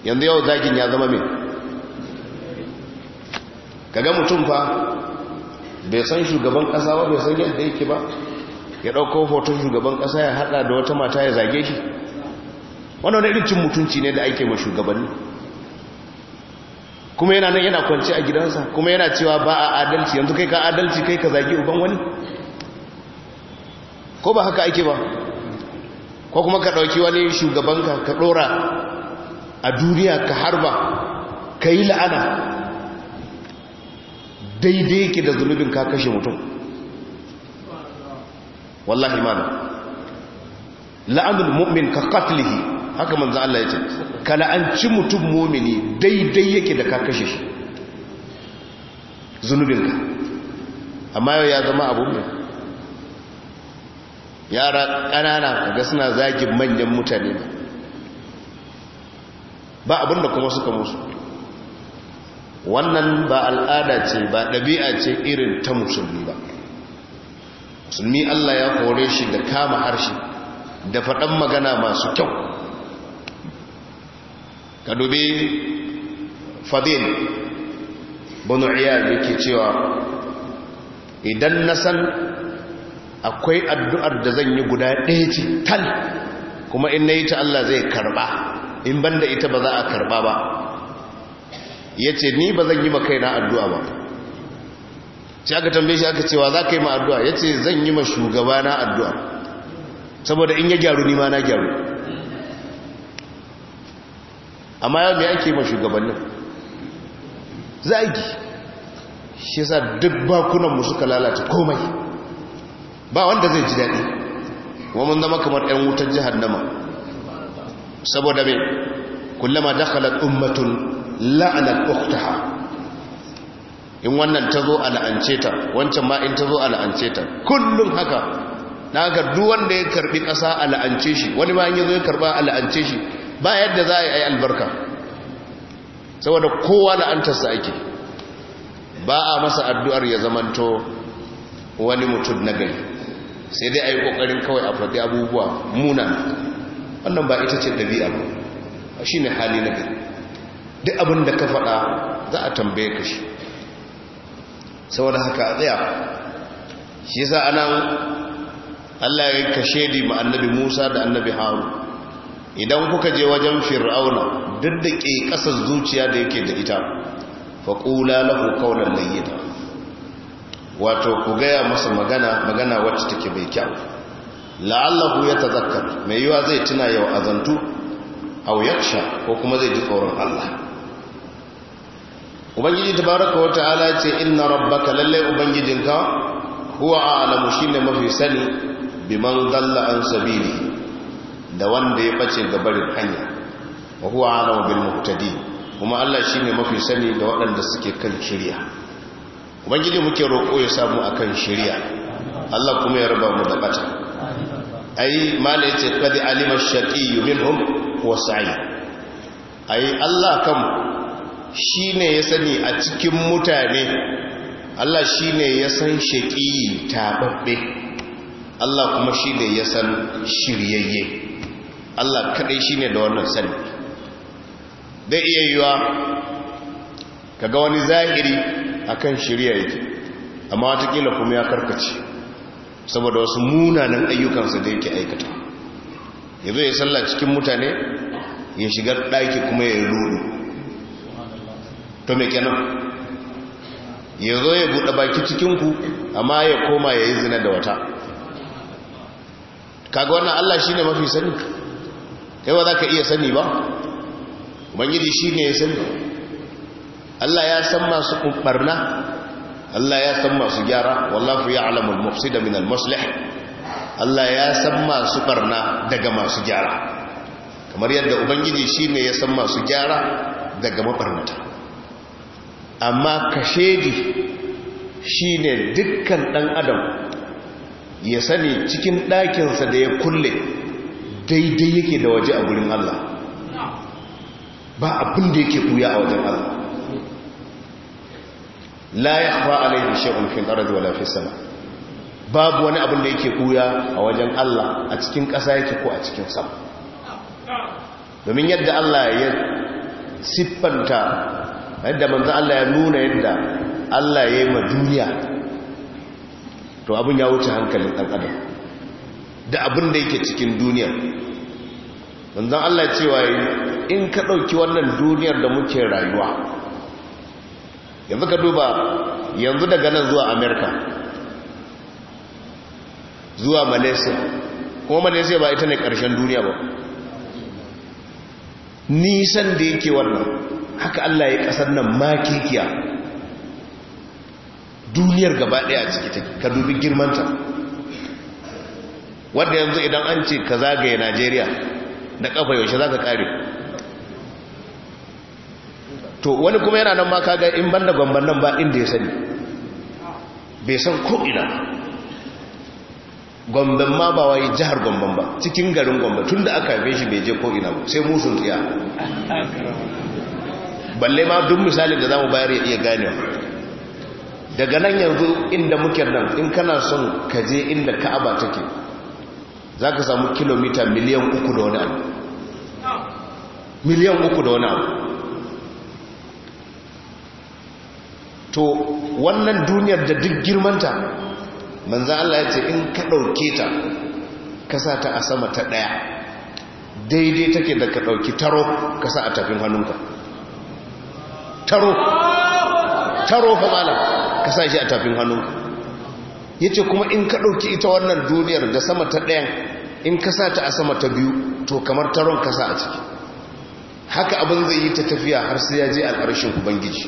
yanzu yau zagin ya zama ka kaga mutum fa bai san shugaban kasa ba bai san yadda yake ba ya ɗauko hoton shugaban kasa ya haɗa da wata mata ya zage shi wannan irin cin mutunci ne da ake ma shugabanni kuma yana nan yana kwanci a gidansa kuma yana cewa ba a adalci yanzu kai ka adalci kai ka zagi uban wani ko ba haka ake ba ko kuma ka ɗauki wani shugabanka ka ɗora a duniya ka harba ka yi la'ana daidai ke da zunubin ka kashe mutum wallahi mana la'anul mu'min ka katlihi haka manzo Allah ya ce ka ci mutum mumini daidai yake da ka kashe shi zunubinka amma ya zama abu ne. yara ƙanana kaga suna zagin manyan mutane ba abinda kuma suka musu wannan ba al'ada ce ba ɗabi'a ce irin ta musulmi ba musulmi Allah ya kore shi da kama harshe da faɗan magana masu kyau ka dubi fadil bin da ke cewa idan na san akwai addu'ar da zan yi guda ɗaya ce tal kuma in na yi ta Allah zai karɓa in ban da ita ba za a karɓa ba ya ce ni ba zan yi ma kaina addu'a ba sai aka tambaye shi aka cewa za ka yi ma addu'a ya ce zan yi ma shugaba na addu'a saboda in ya gyaru ni ma na gyaru amma yau mai ake ma shugabannin zagi shi sa duk bakunanmu suka lalata komai ba wanda zai ji daɗi kuma zama kamar 'yan wutar jihar nama. saboda mai kullama dakala ummatun la'anar ukhtaha in wannan ta tazo la'ance ta wancan ma in a la'ance ta kullum haka na duk wanda ya karbi kasa la'ance shi wani ma in ya karba la'ance shi ba yadda za a yi albarka saboda kowa la'antarsa ake ba a masa addu'ar ya zamanto wani mutum na gari sai dai a yi ƙoƙarin kawai a faɗi abubuwa muna wannan ba ita ce ɗabi'a ba shi ne hali na gari duk abin da ka faɗa za a tambaye ka shi saboda haka a tsaya shi yasa anan Allah ya kashe di ma annabi Musa da annabi Haru. idan kuka je wajen fir'auna duk da ke kasar zuciya da yake da ita faƙula lahu kaunar layyida wato ku gaya masa magana magana wacce take bai kyau la'allahu ya tazakkar mai yiwa zai tuna yau azantu aw yaksha ko kuma zai ji tsoron Allah ubangiji tabaraka wa ta'ala ce inna rabbaka lalle ubangijinka huwa a'lamu shine mafi sani biman dalla an sabili da wanda ya bace ga barin hanya wa huwa alam bil muhtadi kuma Allah shine mafi sani da waɗanda suke kan shirya ubangiji muke roƙo ya samu akan shirya? Allah kuma ya raba mu da bata ai mala yace qad alima ash-shaqi minhum wa sa'i ai Allah kam shine ya sani a cikin mutane Allah shine ya san shaqi tababbe Allah kuma shi ne ya san shiryayye Allah kadai shine da wannan sani Zai iya yiwa kaga wani zahiri akan shirya yake amma watakila kuma ya karkace saboda wasu munanan ayyukansa da yake aikata ya zo ya salla cikin mutane ya shiga ɗaki kuma ya rudu to me kenan ya zo ya buɗe baki cikinku amma ya koma ya yi zina da wata kaga wannan Allah shi ne mafi sani kai ba za ka iya sani ba ubangiji shi ne ya sani Allah ya san masu barna Allah ya san masu gyara ya alamun mafsi min al-muslih Allah ya san masu barna daga masu gyara kamar yadda ubangiji shi ne ya san masu gyara daga mabarnata amma kashedi shi ne dukkan ɗan adam ya sani cikin ɗakinsa da ya kulle daidai yake da waje a gurin Allah ba abin da yake buya a wajen Allah la yakhfa alayhi shay'un fil ardi wala fis sama babu wani abin da yake buya a wajen Allah a cikin ƙasa yake ko a cikin sama domin yadda Allah ya siffanta yadda manzo Allah ya nuna yadda Allah ya yi ma duniya to abin ya wuce hankalin ɗan adam da abin da yake cikin duniya wanzan Allah cewa in ka ɗauki wannan duniyar da muke rayuwa yanzu ka duba yanzu daga nan zuwa amerika zuwa malaysia kuma malaysia ba ita ne ƙarshen duniya ba nisan da yake wannan haka Allah ya ƙasar nan makikiya duniyar gaba ɗaya a ciki ka dubi girmanta wanda yanzu idan an ce ka zagaye najeriya da kafa yaushe za ka kare to wani kuma yana nan ma kaga in ban da gwamban nan ba inda ya sani bai san ko'ina gwamban ma ba wai jihar gwamban ba cikin garin gwamban tun da aka haife shi bai je ko'ina ba sai musun tsaya. balle ma duk misalin da za mu bayar ya iya gane daga nan yanzu inda muke nan in kana son ka je inda ka'aba take za ka samu kilomita miliyan uku da wani abu miliyan uku da wani abu to wannan duniyar da duk girmanta manzan Allah ya ce in ka ɗauke ta kasa ta a sama ta ɗaya daidai take da ka ɗauki taro kasa a tafin hannunka taro taro famala kasa shi a tafin hannunka ya ce kuma in ka ɗauki ita wannan duniyar da sama ta ɗayan in ka sa ta a sama ta biyu to kamar taron kasa a ciki haka abin zai yi ta tafiya har sai ya je al'arshin ubangiji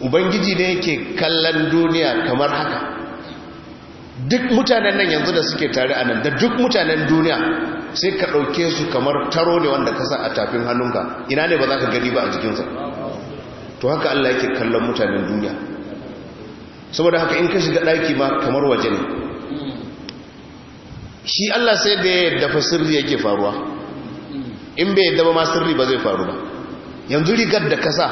ubangiji ne yake kallon duniya kamar haka duk mutanen nan yanzu da suke tare a nan da duk mutanen duniya sai ka ɗauke su kamar taro ne wanda ka sa a tafin hannunka ina ne ba za ka gani ba a jikinsa to haka allah yake kallon mutanen duniya saboda haka in ka shiga ɗaki ma kamar waje ne shi Allah sai da ya dafa sirri yake faruwa in bai dafa ma sirri ba zai faru ba yanzu rigar da kasa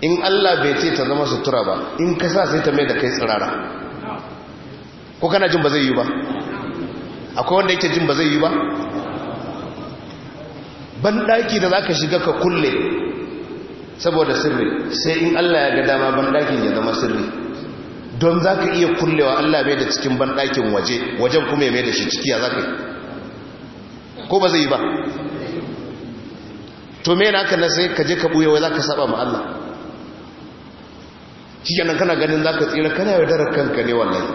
in Allah bai ce ta zama sutura ba in kasa sai ta mai da kai tsirara ko kana jin ba zai yi ba akwai wanda yake jin ba zai yi ba ban daki da za ka shiga ka kulle saboda sirri sai in Allah ya ga dama ban daki ya zama sirri don za ka iya kullewa allah mai da cikin banɗakin waje wajen kuma mai da shi cikiya za ka yi ko ba zai yi ba to mai naka na sai ka je ka buyewa za ka saba ma allah shi yanar kana ganin za ka tsira kana yaudarar kanka ne wallahi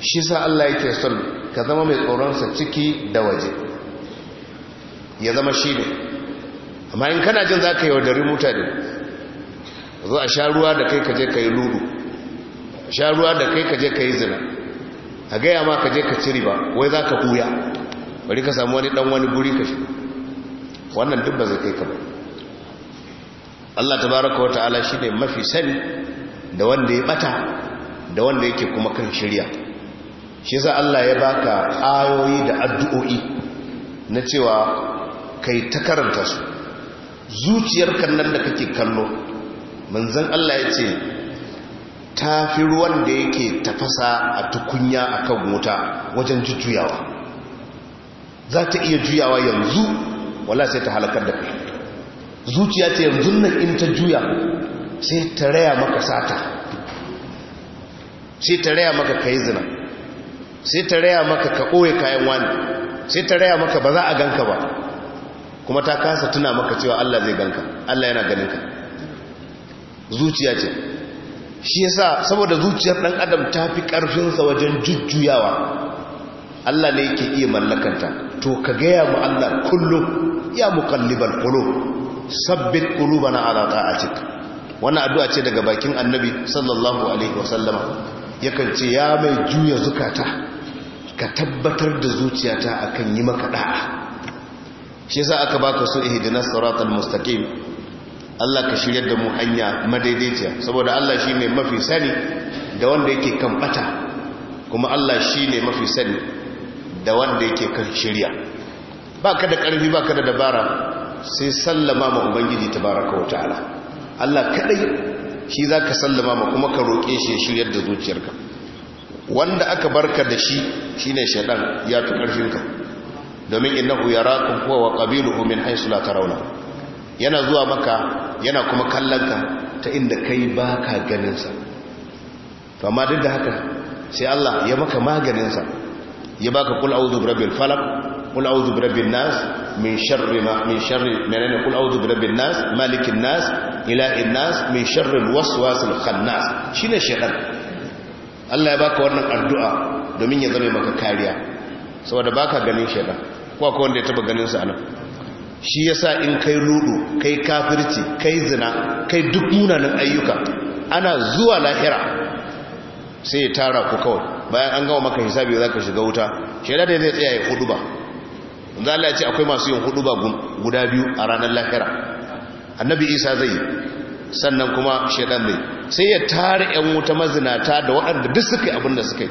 shi sa allah yake son ka zama mai tsoronsa ciki da waje ya zama shi ne amma in kana jin za ka yaudari mutane zo a sha ruwa da kai ka je ka yi lulu sha ruwa da kai ka ka yi zina a gaya ma ka ka ciri ba wai za ka buya bari ka samu wani dan wani guri ka shi wannan duk ba zai kai ka ba Allah baraka wa ta'ala shi ne mafi sani da wanda ya bata da wanda yake kuma kan shirya shi za Allah ya baka ayoyi da addu'o'i na cewa kai ta karanta su zuciyar kannan da kake kallo manzon Allah ya ce ta fi ruwan da yake tafasa a tukunya a kan wuta wajen jujjuyawa za ta iya juyawa yanzu wala sai ta halakar da kai zuciya ta yanzu nan in ta juya sai ta raya maka sata sai ta raya maka kai zina sai ta raya maka ka ɓoye kayan wani sai ta raya maka ba za a ganka ba kuma ta kasa tuna maka cewa Allah zai ganka Allah yana ganinka zuciya ce shi yasa saboda zuciyar ɗan adam ta fi karfinsa wajen jujjuyawa Allah ne yake iya mallakanta to ka gaya mu Allah kullum ya muqallibal qulub sabbit qulubana ala ta'atik wannan addu'a ce daga bakin annabi sallallahu alaihi wasallama yakan ce ya mai juya zukata ka tabbatar da zuciyata akan yi maka da'a shi yasa aka baka su ihdinas siratal mustaqim Allah ka shirya da mu hanya madaidaiciya saboda Allah shi ne mafi sani da wanda yake kan bata kuma Allah shi ne mafi sani da wanda yake kan shirya ba ka da ƙarfi ba ka da dabara sai sallama ma ubangiji ta baraka wa ta'ala Allah kaɗai shi za ka sallama ma kuma ka roƙe shi ya shirya da zuciyarka wanda aka barka da shi shi ne shaɗan ya fi ƙarfinka domin innahu ya raƙon kowa wa ƙabilu min haisu la rauna. yana zuwa maka yana kuma kallonka ta inda kai ba ka ganinsa to amma duk da haka sai Allah ya maka maganinsa ya baka kul a'udhu birabbil falaq kul a'udhu birabbin nas min sharri ma min sharri menene kul a'udhu birabbin nas malikin nas ilahin nas min sharri waswasil khannas shine shaytan Allah ya baka wannan addu'a domin ya zame maka kariya saboda baka ganin shaytan ko akwai wanda ya taba ganin sa anan shi yasa in kai ludu kai kafirci kai zina kai duk munanan ayyuka ana zuwa lahira sai tara ku kawai bayan an gama maka hisabi za ka shiga wuta shaida da zai tsaye ya hudu ba za a ce akwai masu yin hudu ba guda biyu a ranar lahira annabi isa zai yi sannan kuma shaidan zai sai ya tara yan wuta mazinata da waɗanda duk suka yi abin da suka yi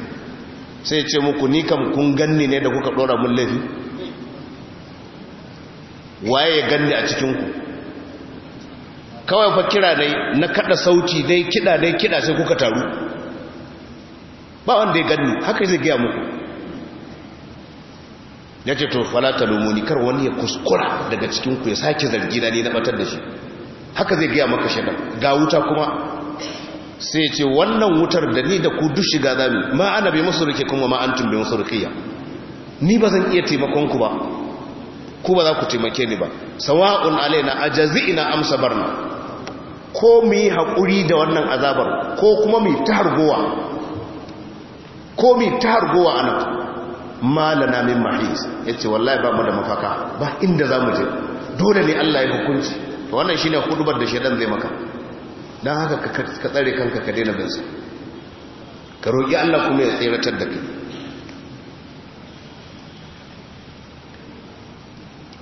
sai ya ce muku ni kam kun ganni ne da kuka ɗora mun laifi waye ya ganni a cikinku kawai fa kira dai na kada sauti dai kida dai kida sai kuka taru ba wanda ya ganni haka zai gaya muku ya ce to falata lumuni kar wani ya kuskura daga cikinku ya sake zargina ne na batar da shi haka zai gaya maka shaɗa ga wuta kuma sai ce wannan wutar da ni da ku duk shiga zami ma ana bai masu rike kuma ma bai masu rikiya ni ba zan iya ku ba ku ba za ku taimake ni ba sawa'un alaina ajazina am sabarna ko mu yi hakuri da wannan azabar ko kuma mu ta hargowa ko mu ta hargowa anan malana min mahis yace wallahi ba mu da mafaka ba inda zamu je dole ne Allah ya hukunci To wannan shine hudubar da shedan zai maka dan haka ka tsare kanka ka daina bin sa ka roki Allah kuma ya tsiratar da kai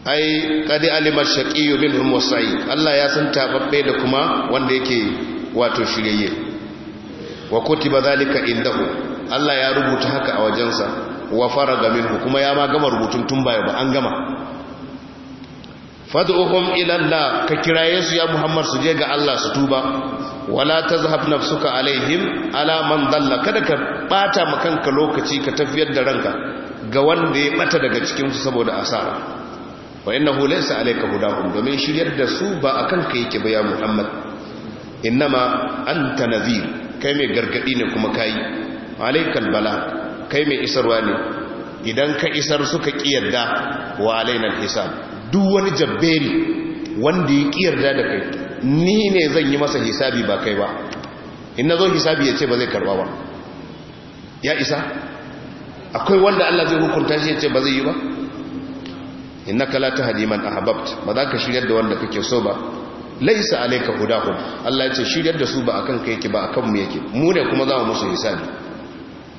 ai kadi alimar shaqiyu minhum wasai Allah ya san tababbe da kuma wanda yake wato shirye wa kutiba zalika indahu Allah ya rubuta haka a wajensa wa faraga minhu kuma ya ma gama rubutun tun baya ba an gama fad'uhum ila Allah ka kiraye su ya Muhammad su je ga Allah su tuba wala tazhab nafsuka alaihim ala man dalla kada ka bata kanka lokaci ka tafiyar da ranka ga wanda ya bata daga cikin su saboda asara wa innahu laysa alayka hudahum domin shiryar da su ba akan ka yake baya muhammad innama anta nadhir kai mai gargadi ne kuma kai alaykal bala kai mai isarwa ne idan ka isar suka kiyarda wa alainal hisab duk wani jabberi wanda ya kiyarda da kai ni ne zan yi masa hisabi ba kai ba in na zo hisabi ya ce ba zai karba ba ya isa akwai wanda Allah zai hukunta shi ya ce ba zai yi ba innaka la tahdi man ahbabta ba za ka shiryar da wanda kake so ba laysa alayka hudahum Allah ya ce shiryar da su ba akan kai yake ba akan mu yake mu ne kuma za mu musu hisabi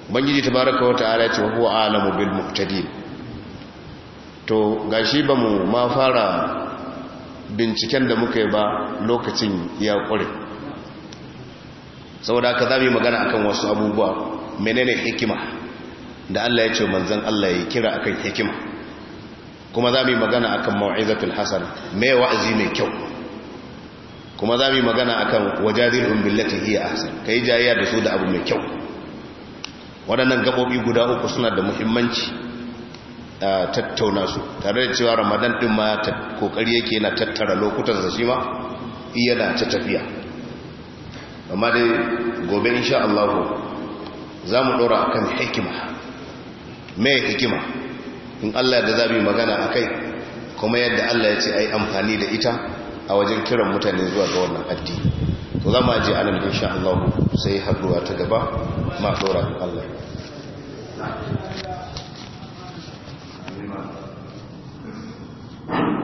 ubangiji tabaraka wa ta'ala ya ce huwa alamu bil muhtadin to gashi ba mu ma fara binciken da muka yi ba lokacin ya kure saboda haka za yi magana akan wasu abubuwa menene hikima da Allah ya ce manzon Allah ya kira akan hikima kuma za mu yi magana akan mau'izatul hasana mai wa'azi mai kyau kuma za mu yi magana akan wajadilhum billati hiya ahsan yi jayayya da su da abu mai kyau waɗannan gabobi guda uku suna da muhimmanci a tattauna su tare da cewa ramadan din ma kokari yake na tattara lokutan da shi ma na ta tafiya amma dai gobe insha Allah za mu ɗora kan hikima mai hikima in Allah da zabi magana a kai kuma yadda Allah ya ce ai amfani da ita a wajen kiran mutane zuwa ga wannan addi to za mu anan insha Allah sai haɗuwa ta gaba ma dora Allah